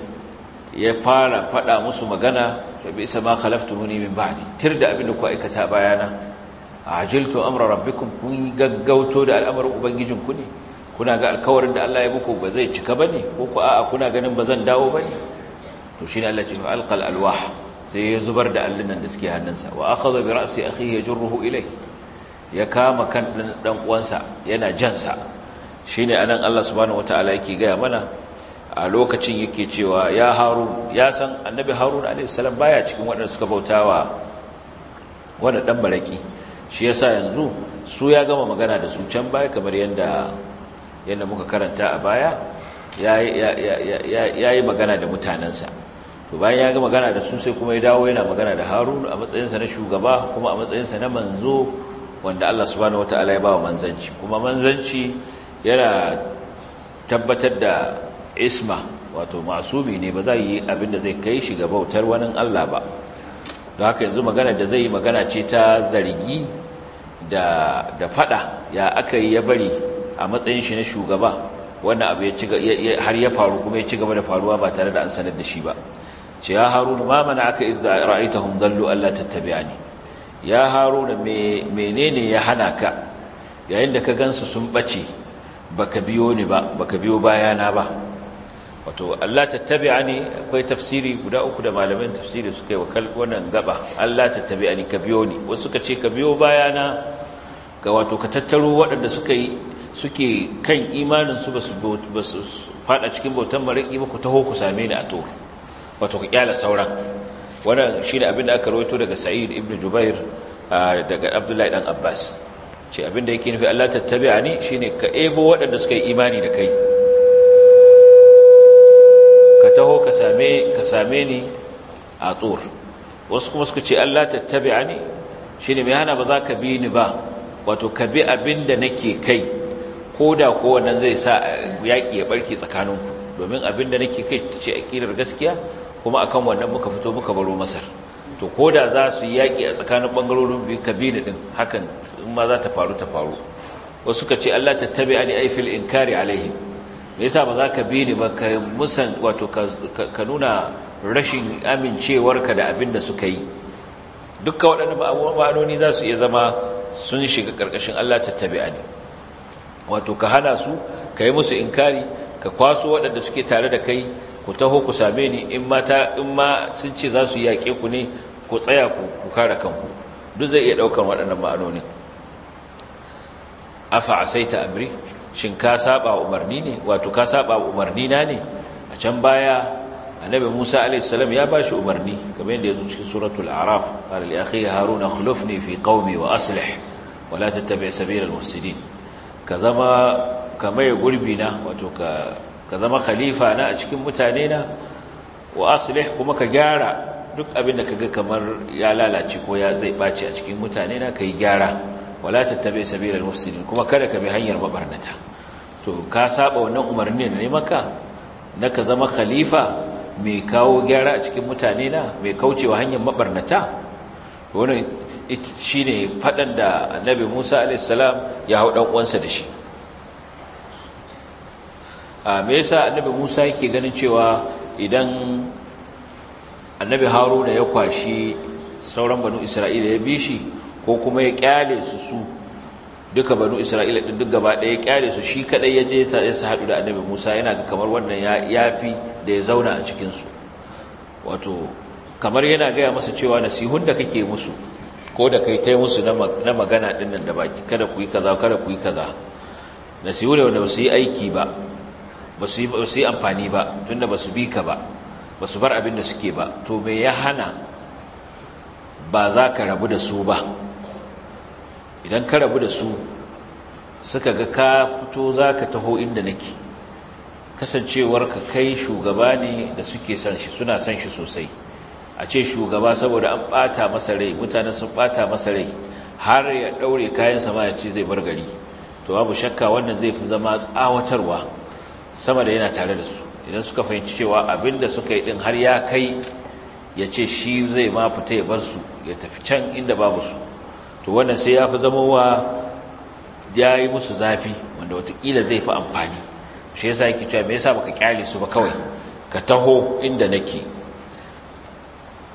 ya fara faɗa musu magana da bai sama khalaftu muni min ba'di tir da abin da ku aikata bayana ajiltu amra rabbikum kun gaggauto da al'amarin ubangijin ku ne kuna ga alkawarin da Allah ya muku ba zai cika bane ko ku a'a kuna ganin ba zan dawo bane to shine Allah ya ce alqal alwah sai ya zubar da allunan da suke hannunsa wa akhadha bi ra'si akhihi yajruhu ilayhi ya kama kan dan uwansa yana jansa Shi ne anan Allah subhanahu ala yake gaya mana a lokacin yake cewa ya Haru. ya san annabi Haru harun ba baya cikin waɗanda suka wa wadda dan baraki shi ya sa yanzu su ya gama magana da su can baya kamar yadda muka karanta a baya ya yi magana da mutanensa to bayan ya gama magana da su sai kuma ya dawo yana magana da Haru a matsayinsa na shugaba kuma a matsayinsa na manzo wanda allah subhanahu wataala ya ba wa manzanci kuma manzanci yana tabbatar da isma wato masumi ne ba za yi abin da zai kai shi ga bautar wani Allah ba don haka yanzu magana da zai yi magana ce ta zargi da da fada ya aka yi ya bari a matsayin shi na shugaba wannan abu ya har ya faru kuma ya ci gaba da faruwa ba tare da an sanar da shi ba ce ya haruna ma mana aka idza ra'aitahum dallu alla tattabi'ani ya haruna menene ya hana ka yayin da ka gansu sun ɓace. baka biyo ni ba baka biyo bayana ba wato Allah tattabi'ani akwai tafsiri guda uku da malaman tafsiri suka yi wa wannan gaba Allah tattabi'ani ka biyo ni wasu suka ce ka biyo bayana ga wato ka tattaro waɗanda suka yi suke kan imanin su basu su fada cikin bautan maraki ba ku taho ku same ni a to wato ku kyala sauran wannan shine abin da aka rawaito daga Sa'id ibn Jubair ah, daga Abdullahi dan Abbas ce abinda yake nufi Allah tattabi'a ni shine ka ebo waɗanda suka yi imani da kai ka taho ka same ka same ni a tsor. wasu kuma suka ce Allah tattabi'a ni shine mai hana ba za ka bi ni ba wato ka bi abinda nake kai ko da ko wannan zai sa yaƙi ya barke tsakaninku domin abinda nake kai ce ƙirar gaskiya kuma akan wannan muka fito muka baro Masar to ko da za su yi yaƙi a tsakanin ɓangarorin biyu kabila ɗin hakan in ma za ta faru ta faru wasu ka ce Allah ta tattabi ani aifil inkari alaihim me yasa ba za ka bi ni ba ka musan wato ka nuna rashin amincewarka da abin da suka yi dukka waɗannan ma'anoni za su iya zama sun shiga ƙarƙashin Allah ta tattabi ani wato ka hana su ka yi musu inkari ka kwaso waɗanda suke tare da kai ku taho ku same ni in ma sun ce za su yaƙe ku ne ku tsaya ku kare kanku duk zai iya ɗaukar waɗannan ma'anonin afa asaita amri shin ka saba umarni ne wato ka saba umarni na ne a can baya annabi Musa alayhi salam ya bashi umarni kamar yadda yazo cikin suratul a'raf qala li akhi haruna khulufni fi qaumi wa aslih wa la tattabi' sabila al-mufsidin ka zama kamar gurbi na wato ka ka zama khalifa na a cikin mutane na wa aslih kuma ka gyara duk abin da kaga kamar ya lalace ko ya zai baci a cikin mutane na kai gyara wala tattabi sabilal mufsidin kuma kada ka bi hanyar mabarnata to ka saba wannan umarni ne maka na ka zama khalifa mai kawo gyara a cikin mutane na mai kaucewa hanyar mabarnata wannan shine fadan da annabi Musa alayhi salam ya hau dan uwansa da shi a me yasa annabi Musa yake ganin cewa idan annabi haruna ya kwashi sauran banu isra'ila ya bi shi ko kuma ya kyale su su duka banu isra'ila din duk gaba ɗaya ya kyale su shi kaɗai ya je ya sa hadu da annabi musa yana ga kamar wannan ya yafi da ya zauna a cikin su wato kamar yana gaya masa cewa nasihun da kake musu ko da kai tai musu na magana din nan da baki kada ku yi kaza kada ku yi kaza Nasihun da wanda ba su yi aiki ba ba su yi amfani ba tunda ba su bi ka ba ba su bar abin da suke ba to me ya hana ba za ka rabu da su ba idan ka rabu da su suka ga ka fito za ka taho inda nake kasancewar ka kai shugaba ne da suke son shi suna son shi sosai a ce shugaba saboda an ɓata masa rai mutanen sun ɓata masa rai har ya ɗaure kayan ma ya ce zai bar gari to babu shakka wannan zai fi zama tsawatarwa sama da yana tare da su idan suka fahimci cewa abinda suka yi din har ya kai ya ce shi zai ma fita ya bar su ya tafi can inda babu su to wannan sai ya fi wa ya yi musu zafi wanda watakila zai fi amfani shi yasa yake cewa me yasa baka kyale su ba kawai ka taho inda nake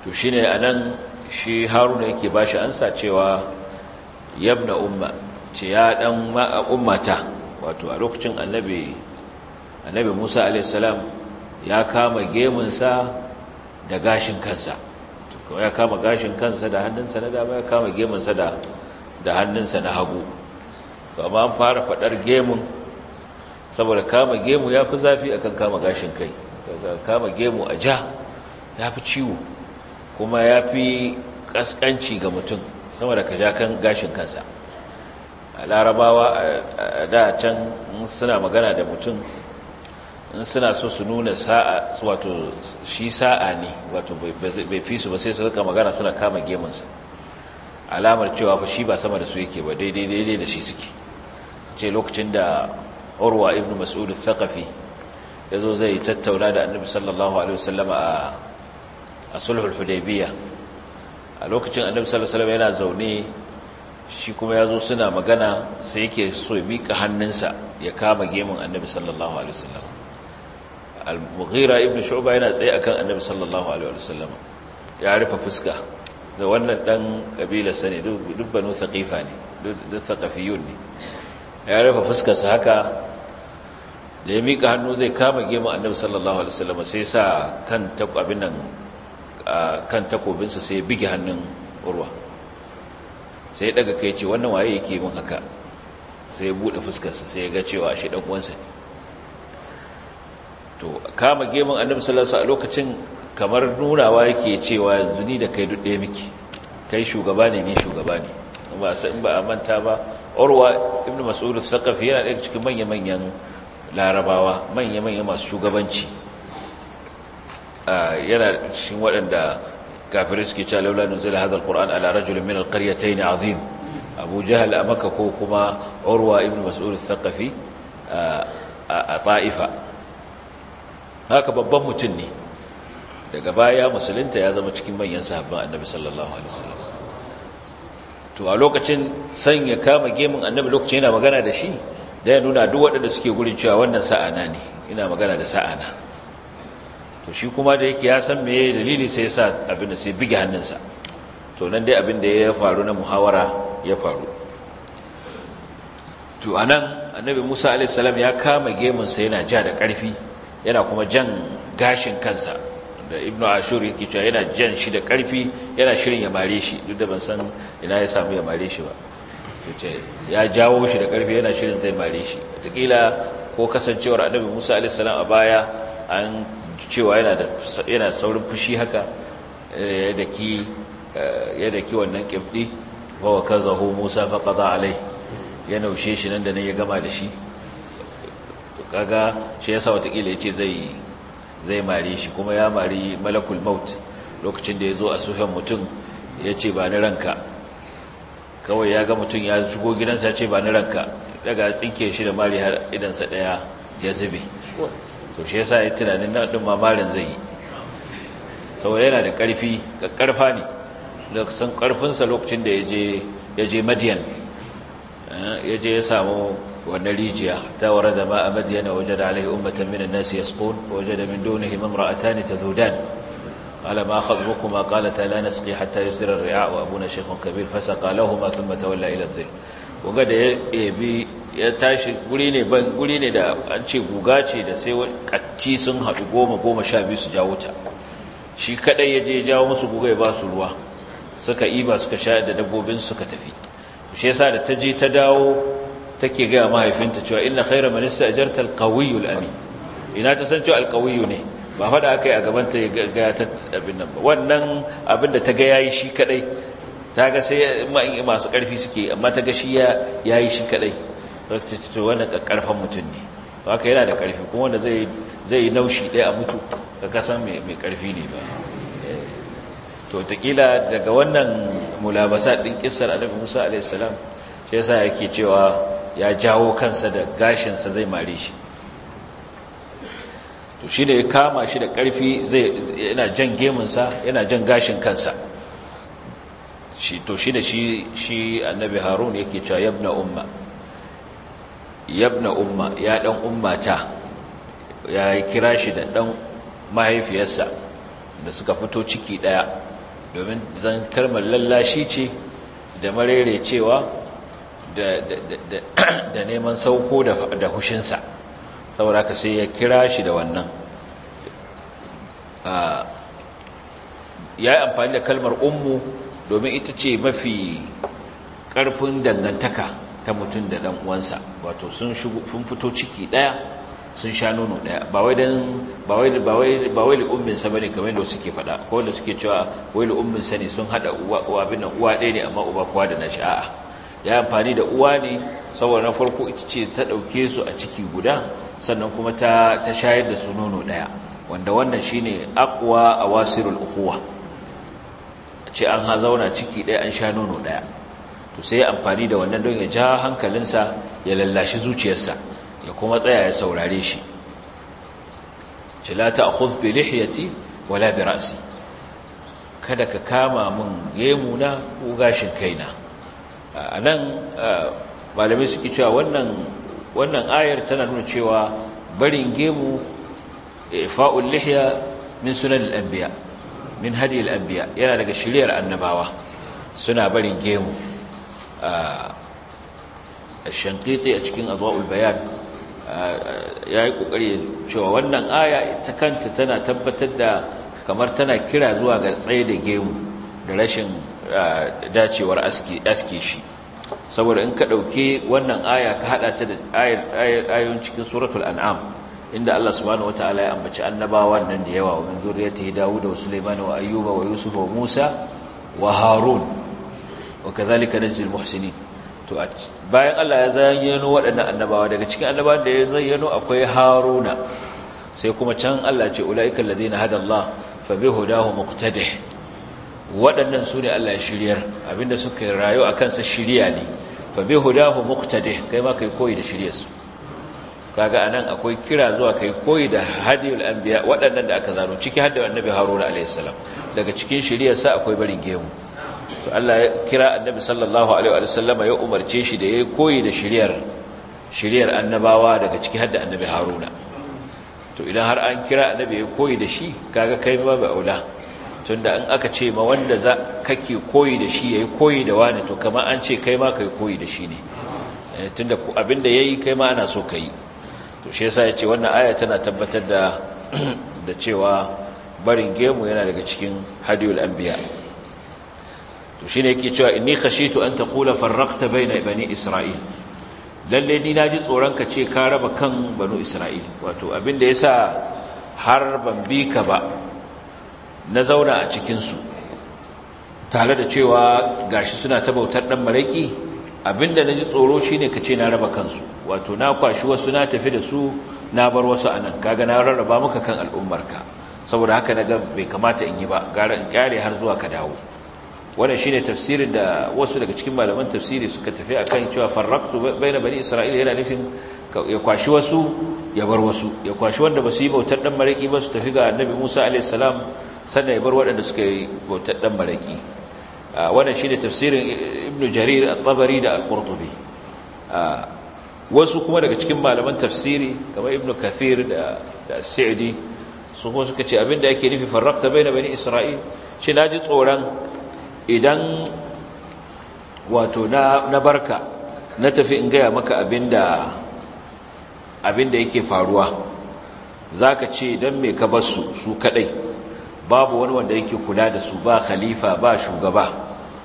to shi shine anan shi haruna yake ba bashi ansa cewa yabna umma ce ya dan ummata wato a lokacin annabi annabi musa Salam ya kama gemunsa da gashin kansa ya kama gashin kansa da hannunsa na dama ya kama gemunsa da hannunsa na hagu amma an fara fadar gemun saboda kama gemu ya fi zafi akan kama gashin kai kama gemu a ja ya fi ciwo kuma ya fi ƙasƙanci ga mutum sama da ka ja kan gashin kansa a larabawa a da can suna magana da mutum in suna so su nuna sa'a wato shi sa'a ne wato bai fi su ba sai su rika magana suna kama gemunsa alamar cewa fa shi ba sama da su yake ba daidai daidai da shi suke ce lokacin da urwa ibn mas'ud al-thaqafi yazo zai tattauna da annabi sallallahu alaihi wasallam a a sulhul hudaibiyya a lokacin annabi sallallahu alaihi wasallam yana zaune shi kuma yazo suna magana sai yake so ya mika hannunsa ya kama gemun annabi sallallahu alaihi wasallam al-mughira ibn shu'ba yana tsaye akan annabi sallallahu alaihi wasallam ya rufe fuska da wannan dan kabila sani duk banu thaqifa ne duk thaqafiyun ne ya rufe fuskarsa sa haka da ya mika hannu zai kama gemu annabi sallallahu alaihi wasallam sai sa kan takwabin nan kan takobinsa sai ya bige hannun urwa sai daga kai ce wannan waye yake min haka sai ya bude fuskarsa sai ya ga cewa shi dan uwansa ne to kama gemun annabi sallallahu alaihi a lokacin kamar nunawa yake cewa yanzu ni da kai dudde miki kai shugaba ne ni shugaba ne ba sai in ba a manta ba urwa ibn mas'ud al-thaqafi yana daga cikin manyan manyan larabawa manya manyan masu shugabanci yana cikin waɗanda kafirai suke cewa laula nuzila hadha al-qur'an ala rajulin min al-qaryatayn azim abu jahl a Makka ko kuma urwa ibn mas'ud al-thaqafi a ta'ifa haka babban mutum ne daga baya musulunta ya zama cikin manyan sahabban annabi sallallahu alaihi wasallam to a lokacin san ya kama gemin annabi lokacin yana magana da shi da ya nuna duk waɗanda suke gurin cewa wannan sa'ana ne ina magana da sa'ana to shi kuma da yake ya san meye dalili sai ya sa abin da sai bige hannunsa to nan dai abin da ya faru na muhawara ya faru to anan annabi Musa alaihi salam ya kama gemin sa yana ja da ƙarfi yana kuma jan gashin kansa da ibnu ashur yake cewa yana jan shi da karfi yana shirin ya mare shi duk da ban san ina ya samu ya mare shi ba ya jawo shi da karfi yana shirin zai mare shi takila ko kasancewar annabi musa salam a baya an cewa yana saurin fushi haka eh, eh, ya daki wannan kifdi ba wa kazahu musa faƙaɗa alai ya naushe shi nan da nan ya gama da shi kaga shi yasa watakila yace zai zai mari shi kuma ya mari malakul maut lokacin da yazo a suhan mutum yace ba ni ranka kawai ya ga mutum ya shigo gidansa yace ba ni ranka daga tsinke shi da mari har idan sa daya ya zube to shi yasa yayi tunanin na din mamarin zai yi saboda yana da karfi karfa ne lokacin ƙarfinsa lokacin da yaje yaje madiyan eh, yaje ya samu wannan rijiya ta wara da ma'a madiyana waje da alaihi ummatan minan nasi yasqun waje da min dunihi mamra'atani tazudan قال ما خطبكما قالتا لا نسقي حتى يصدر الرعاء وابونا شيخ كبير فسقى لهما ثم تولى الى الظل وقد يبي ya tashi guri ne ban guri ne da an ce guga ce da sai katti sun haɗu goma goma sha biyu su jawo ta shi kaɗai ya je jawo musu guga ya ba su ruwa suka iba suka sha da dabbobin suka tafi shi yasa da ta je ta dawo take gaya mahaifinta cewa inna khaira man istajarta alqawi alamin ina ta san cewa alqawi ne ba fada akai a gaban ta ga ta abin nan wannan abin da ta ga yayi shi kadai ta ga sai masu karfi suke amma ta ga shi ya yayi shi kadai sai ta wannan karfan mutun ne haka yana da karfi kuma wanda zai zai naushi dai a mutu ka san mai mai karfi ne ba eh. to takila daga wannan mulabasa din kissar annabi Musa alaihi salam shi yasa yake cewa ya jawo kansa da gashinsa zai mare shi to shi da ya kama shi da ƙarfi yana jan gemunsa yana jan gashin kansa shi to shi da shi shi annabi harun yake cewa yabna umma yabna umma ya dan ummata ya kira shi da dan mahaifiyarsa da suka fito ciki daya domin zan karmar lallashi ce da marere cewa [CLEARS THROAT] da neman sauko da hushinsa saboda ka sai ya kira shi da wannan ah, ya yi amfani da kalmar ummu domin ita ce mafi ƙarfin dangantaka ta mutum da ɗan uwansa wato sun fito ciki ɗaya sun sha nono ɗaya ba wai da umminsa ba ne kamar da suke faɗa ko da suke cewa wai da umminsa ne sun haɗa uwa uwa ɗaya ne amma uba kowa da na sha'a ya amfani da uwa ne saboda na farko ita ce ta ɗauke su a ciki guda sannan kuma ta, ta shayar da su nono ɗaya wanda wannan shi ne awasirul a ce an ha zauna ciki ɗaya an sha nono ɗaya to sai ya amfani da wannan don ya ja hankalinsa ya lallashi zuciyarsa ya kuma tsaya ya saurare shi ce a ta akhudh bi lihyati wala bi ra'si kada ka kama mun na, ko gashin kaina a nan malamai suke cewa wannan ayar tana nuna cewa barin gemu fa’ul lihya min sunan al min hadi al yana daga shiriyar annabawa suna barin gemu a shanqiti a cikin azwa’ul bayan yi ƙoƙari cewa wannan aya ta kanta tana tabbatar da kamar tana kira zuwa ga tsaye da gemu da rashin dacewar aske shi saboda in ka ɗauke wannan aya ka haɗa ta da ayoyin cikin suratul an'am inda Allah subhanahu wataala ya ambaci annabawan nan da yawa wa min zurriyatihi Dawud wa Sulaiman wa Ayyuba wa Yusuf wa Musa wa Harun wa kadhalika najzil muhsinin to bayan Allah ya zayyano waɗannan annabawa daga cikin annabawan da ya zayyano akwai Haruna sai kuma can Allah ce ulaika alladhina hada Allah fa bihudahu muqtadih waɗannan su ne Allah shiryar abinda suka rayu a kansa shirya ne fa bi hudahu muqtadih kai ma kai koyi da shiryar su kaga anan akwai kira zuwa kai koyi da hadiyul anbiya waɗannan da aka zaro ciki hadda annabi haruna alayhi salam daga cikin shiryar sa akwai barin gemu to Allah ya kira annabi sallallahu alaihi wa sallam ya umarce shi da yayi koyi da shiryar shiryar annabawa daga ciki hadda annabi haruna to idan har an kira annabi ya koyi da shi kaga kai ma ba aula tunda in aka ce ma wanda za kake koyi da shi yayi koyi da wani to kamar an ce kai ma kai koyi da shi ne eh, tunda abinda yayi kai ma ana so yi. to shi yasa yace wannan aya tana tabbatar da [CLEARS THROAT] da cewa barin gemu yana daga cikin hadiyul biya. to shine yake cewa inni khashitu an taqula farraqta baina bani isra'il lalle ni naji tsoron ka ce ka raba kan banu isra'il wato abinda yasa har ban bi ka ba na zauna a cikinsu tare da cewa gashi suna ta bautar ɗan maraƙi abinda na ji tsoro shi ka ce na raba kansu wato na kwashi wasu na tafi da su na bar wasu a nan kaga na rarraba muka kan al'ummarka saboda haka na ga bai kamata in yi ba gara in kyare har zuwa ka dawo wannan shine tafsirin da wasu daga cikin malaman tafsiri suka tafi akan cewa farraqtu baina bani isra'ila yana nufin ya kwashi wasu ya bar wasu ya kwashi wanda basu yi bautar ɗan mariki ba su tafi ga annabi Musa alaihi salam sannan ya bar waɗanda suka yi bautar ɗan maraki wannan shi ne tafsirin ibn jarir al-tabari da al-qurtubi wasu kuma daga cikin malaman tafsiri kamar ibn kathir da sa'idi su kuma suka ce abinda yake nufi farraqta baina bani isra'il shi ji tsoron idan wato na barka na tafi in gaya maka abinda abinda yake faruwa zaka ce dan me ka basu su kaɗai? babu wani wanda yake kula da su ba khalifa ba shugaba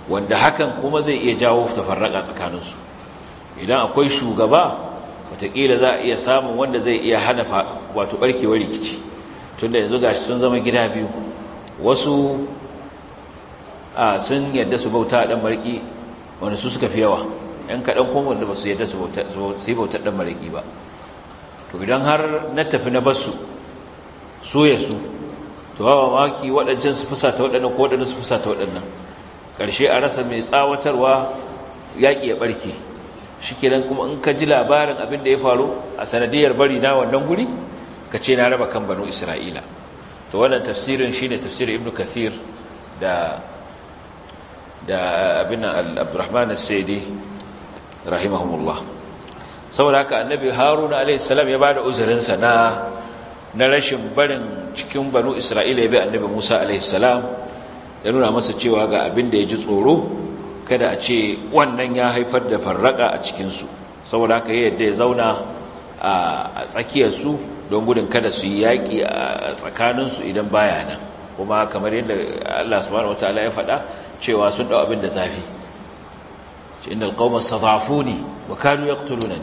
wanda hakan kuma zai iya jawo tafarraka tsakaninsu idan akwai shugaba wataƙila za a iya samun wanda zai iya hana wato barkewar rikici tunda yanzu gashi sun zama gida biyu wasu a sun yadda su bauta dan mariki wanda su suka fi yawa yan kaɗan kuma wanda ba su yadda su bauta ɗan dan ba to idan har na tafi na basu su ya su to wa mamaki waɗancan su ta waɗannan ko waɗannan su ta waɗannan ƙarshe a rasa mai tsawatarwa yaƙi ya ɓarke shi kenan kuma in ka ji labarin abin da ya faru a sanadiyar bari na wannan guri ka ce na raba kan banu isra'ila to wannan tafsirin shine tafsirin ibnu kathir da da abin abdurrahman as-saidi rahimahumullah saboda haka annabi haruna alayhi salam ya bada uzurinsa na na rashin barin cikin banu isra'ila ya bi annabi musa alaihissalam ya nuna masa cewa ga abin da ya ji tsoro kada a ce wannan ya haifar da farraka a cikinsu saboda haka yi yadda ya zauna a tsakiyarsu don gudun kada su yi yaƙi a tsakaninsu idan baya nan kuma kamar yadda allah su wata wataala ya faɗa cewa sun ɗau abin da zafi inda alƙawar safafu ne wa kanu ya ne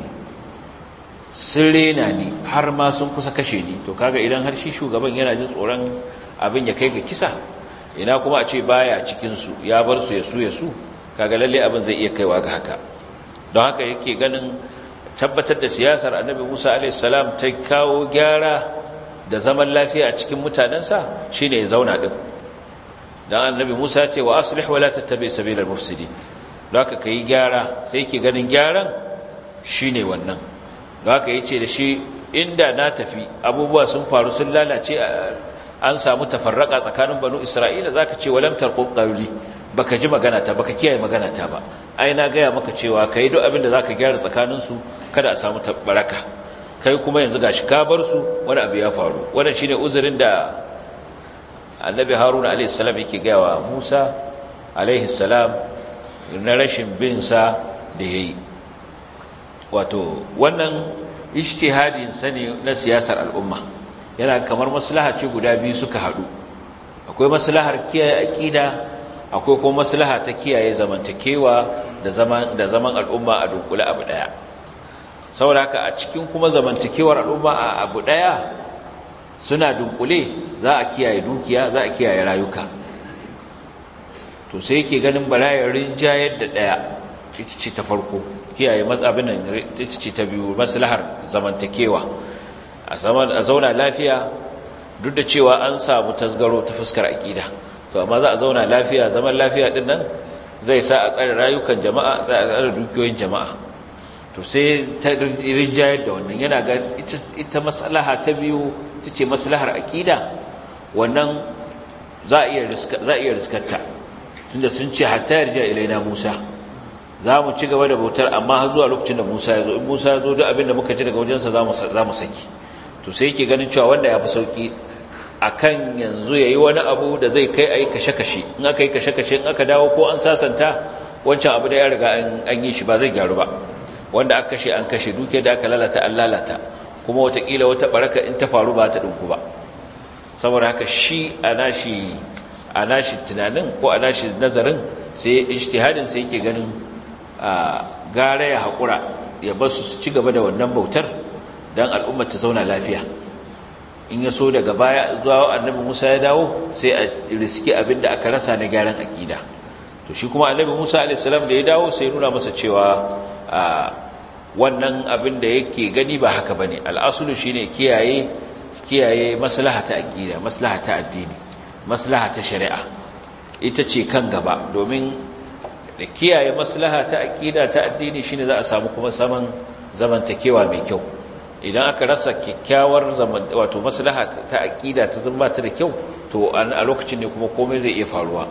sun rena ni har ma sun kusa kashe ni to kaga idan har shi shugaban yana jin tsoron abin ya kai ga kisa ina kuma a ce baya cikinsu ya bar su ya su ya su kaga lalle abin zai iya kaiwa ga haka don haka yake ganin tabbatar da siyasar annabi Musa alaihi salam ta kawo gyara da zaman lafiya a cikin mutanensa shine ya zauna din Don annabi Musa ya ce wa aslih ta la tattabi sabilal mufsidin don haka kai gyara sai yake ganin gyaran shine wannan haka ya ce da shi inda na tafi abubuwa sun faru sun lalace an samu tafarraka tsakanin banu isra'ila za ka ce walamtar ƙoƙarli ba ka ji magana ta ba ka kiyaye magana ta ba ai na gaya maka cewa ka yi duk abin da za ka gyara tsakaninsu kada a samu tabaraka kai kuma yanzu ga shi ka bar su wani abu ya faru wannan shi ne uzurin da annabi haruna alayhi salam yake gaya wa musa alayhi salam na rashin bin sa da ya yi wato wannan ijtihadin sani na siyasar al'umma yana kamar maslaha ce guda biyu suka haɗu akwai maslahar kiyaye aƙida akwai kuma maslaha ta kiyaye zamantakewa da zaman da zaman al'umma a dunkule abu daya saboda haka a cikin kuma zamantakewar al'umma a abu daya suna dunkule za a kiyaye dukiya za a kiyaye rayuka to sai yake ganin barayin rinjayar da daya ita ce ta farko kiyaye matsabin nan ita ce ta biyu maslahar zamantakewa a zauna lafiya duk da cewa an samu tasgaro ta fuskar aƙida to amma za a zauna lafiya zaman lafiya din nan zai sa a tsare rayukan jama'a sai a tsare dukiyoyin jama'a to sai ta rinjayar da wannan yana ga ita maslaha ta biyu ta ce maslahar aƙida wannan za a iya riskarta tunda sun ce hatta yarda ilaina musa za mu ci gaba da bautar amma har zuwa lokacin da musa ya zo in musa ya zo duk abin da muka ci daga wajensa za mu saki to sai yake ganin cewa wanda ya fi sauki akan yanzu ya yi wani abu da zai kai a yi kashe-kashe in aka yi kashe-kashe in aka dawo ko an sasanta wancan abu da ya riga an yi shi ba zai gyaru ba wanda aka kashe an kashe duke da aka lalata an lalata kuma watakila wata baraka in ta faru ba ta dinku ba saboda haka shi a nashi tunanin ko a nashi nazarin sai ijtihadin sai yake ganin a gara ya haƙura ya basu su ci gaba da wannan bautar don al'ummar ta zauna lafiya in ya so daga baya zuwa annabi musa ya dawo sai a riski abin da aka rasa na gyaran aƙida to shi kuma annabi musa alisalam da ya dawo sai nuna masa cewa wannan abin da yake gani ba haka ba ne al'asulu shi ne kiyaye kiyaye maslaha ta aƙida maslaha ta addini maslaha ta shari'a ita ce kan gaba domin da kiyaye maslaha ta aƙida ta addini shine za a samu kuma saman zamantakewa mai kyau idan aka rasa kyakkyawar wato maslaha ta aƙida ta zama ta da kyau to a lokacin ne kuma komai zai iya faruwa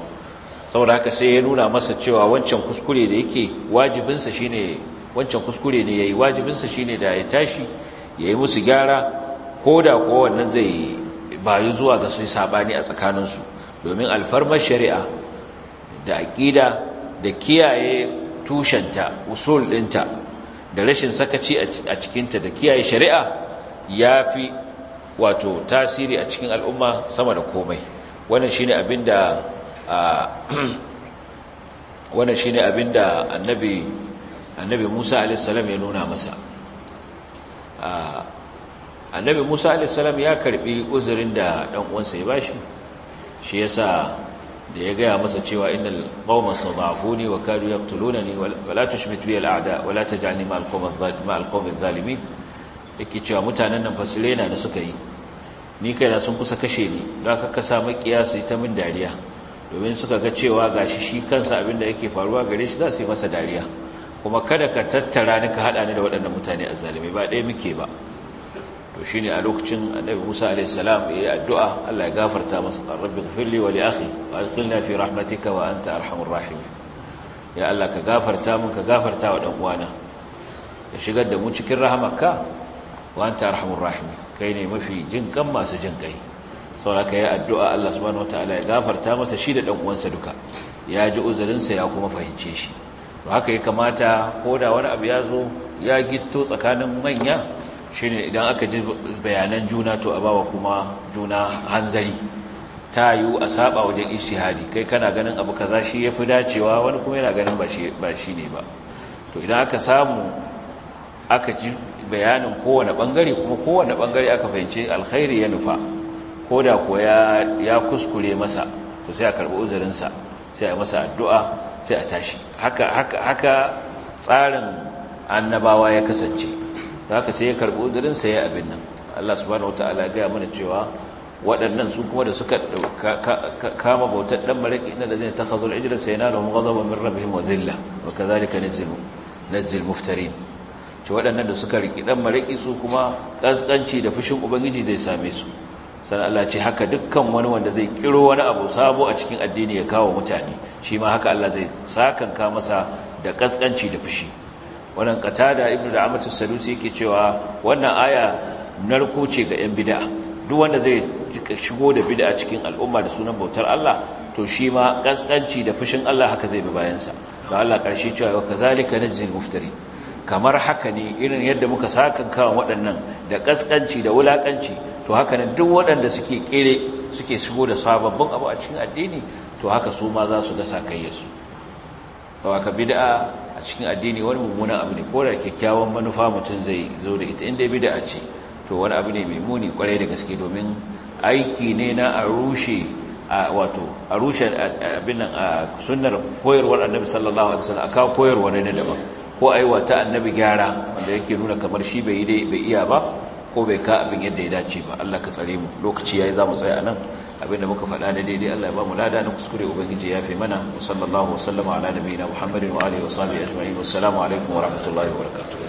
saboda haka sai ya nuna masa cewa wancan kuskure da yake sa shine wancan kuskure ne yayi wajibinsa shine da ya tashi yayi musu gyara koda da ko wannan zai bayu zuwa ga su sabani a tsakaninsu domin alfarmar shari'a da aƙida da kiyaye tushenta usul ɗinta da rashin sakaci a cikinta da kiyaye shari'a ya fi wato tasiri a cikin al'umma sama da komai wannan shine abinda [CLEARS THROAT] wannan shine abin annabi annabi Musa alayhi salam ya nuna masa annabi Musa alayhi salam ya karbi uzurin da dan uwansa ya bashi shi yasa da ya gaya masa cewa innal qauma sadafuni wa kadu yaqtulunani wala tushmit bi al a'da wala taj'alni ma al qawmi ma al qawmi zalimin yake cewa mutanen nan fasilena da suka yi ni kaina sun kusa kashe ni don haka ka samu kiyasu ta min dariya domin suka ga cewa gashi shi kansa abin da yake faruwa gare shi za su yi masa dariya kuma kada ka tattara ni ka haɗa ni da waɗannan mutane a ba ɗaya muke ba to shi ne a lokacin annabi Musa alaihi ya yi addu'a Allah ya gafarta masa rabbi ighfirli wa li akhi wa adkhilna fi rahmatika wa anta arhamur rahim ya Allah ka gafarta mun ka gafarta wa dan uwana ka shigar da mu cikin rahamarka wa anta arhamur rahim kai ne mafi jin kan masu jin kai saboda yayi addu'a Allah subhanahu wataala ya gafarta masa shi da dan uwansa duka ya ji uzurinsa ya kuma fahimce shi To haka ya kamata ko da wani abu ya zo ya gitto tsakanin manya shin idan aka ji bayanan juna to a bawa kuma juna hanzari ta yiwu a saba wajen hadi kai kana ganin abu kaza shi ya fi dacewa wani kuma yana ganin ba shi ne ba to idan aka samu aka ji bayanin kowane bangare kuma kowane bangare aka fahimci alkhairi ya nufa ko da ko ya kuskure masa to sai a karbi uzurinsa sai a masa addu'a sai a tashi haka tsarin annabawa ya kasance da haka sai ya karbi udurin sai ya abin nan Allah subhanahu wataala ya gaya mana cewa waɗannan su kuma da suka kama bautar dan mariki inna da zai da ijra sayanahum ghadabun min rabbihim wa dhilla wa kadhalika najzil na muftarin ce waɗannan da suka riki dan mariki su kuma kaskanci da fushin ubangiji zai same su sannan Allah ce haka dukkan wani wanda zai kiro wani abu sabo a cikin addini ya kawo mutane shi ma haka Allah zai sakanka masa da kaskanci da fushi wannan qatada ibnu da'amat as yake cewa wannan aya narko ce ga yan bid'a duk wanda zai shigo da bid'a cikin al'umma da sunan bautar Allah to shi ma kaskanci da fushin Allah haka zai bi bayan sa da Allah karshe cewa wa kadhalika najzil muftari kamar haka ne irin yadda muka sakan kawo waɗannan da kaskanci da wulakanci to haka ne duk waɗanda suke kere suke shigo da sababbin abu a cikin addini to haka su ma za su ga sakayyarsu sawaka bid'a cikin addini wani mummunan abu ne ko da kyakkyawan manufa mutum zai zo da ita inda a ce to wani abu ne mai muni kwarai da gaske domin aiki ne na a rushe a wato a rushe abin nan a sunnar koyarwar annabi sallallahu alaihi wasallam aka koyarwa ne daban ko ayi wata annabi gyara wanda yake nuna kamar shi bai yi bai iya ba ko bai ka abin yadda ya dace ba Allah ka tsare mu lokaci yayi za mu tsaya anan abinda muka faɗa da daidai Allah ya ba mu lada na kuskure ubangiji ya fi mana sallallahu wasallama ala nabiyina muhammadin wa alihi wa sahbihi ajma'in wassalamu alaikum wa rahmatullahi wa barakatuh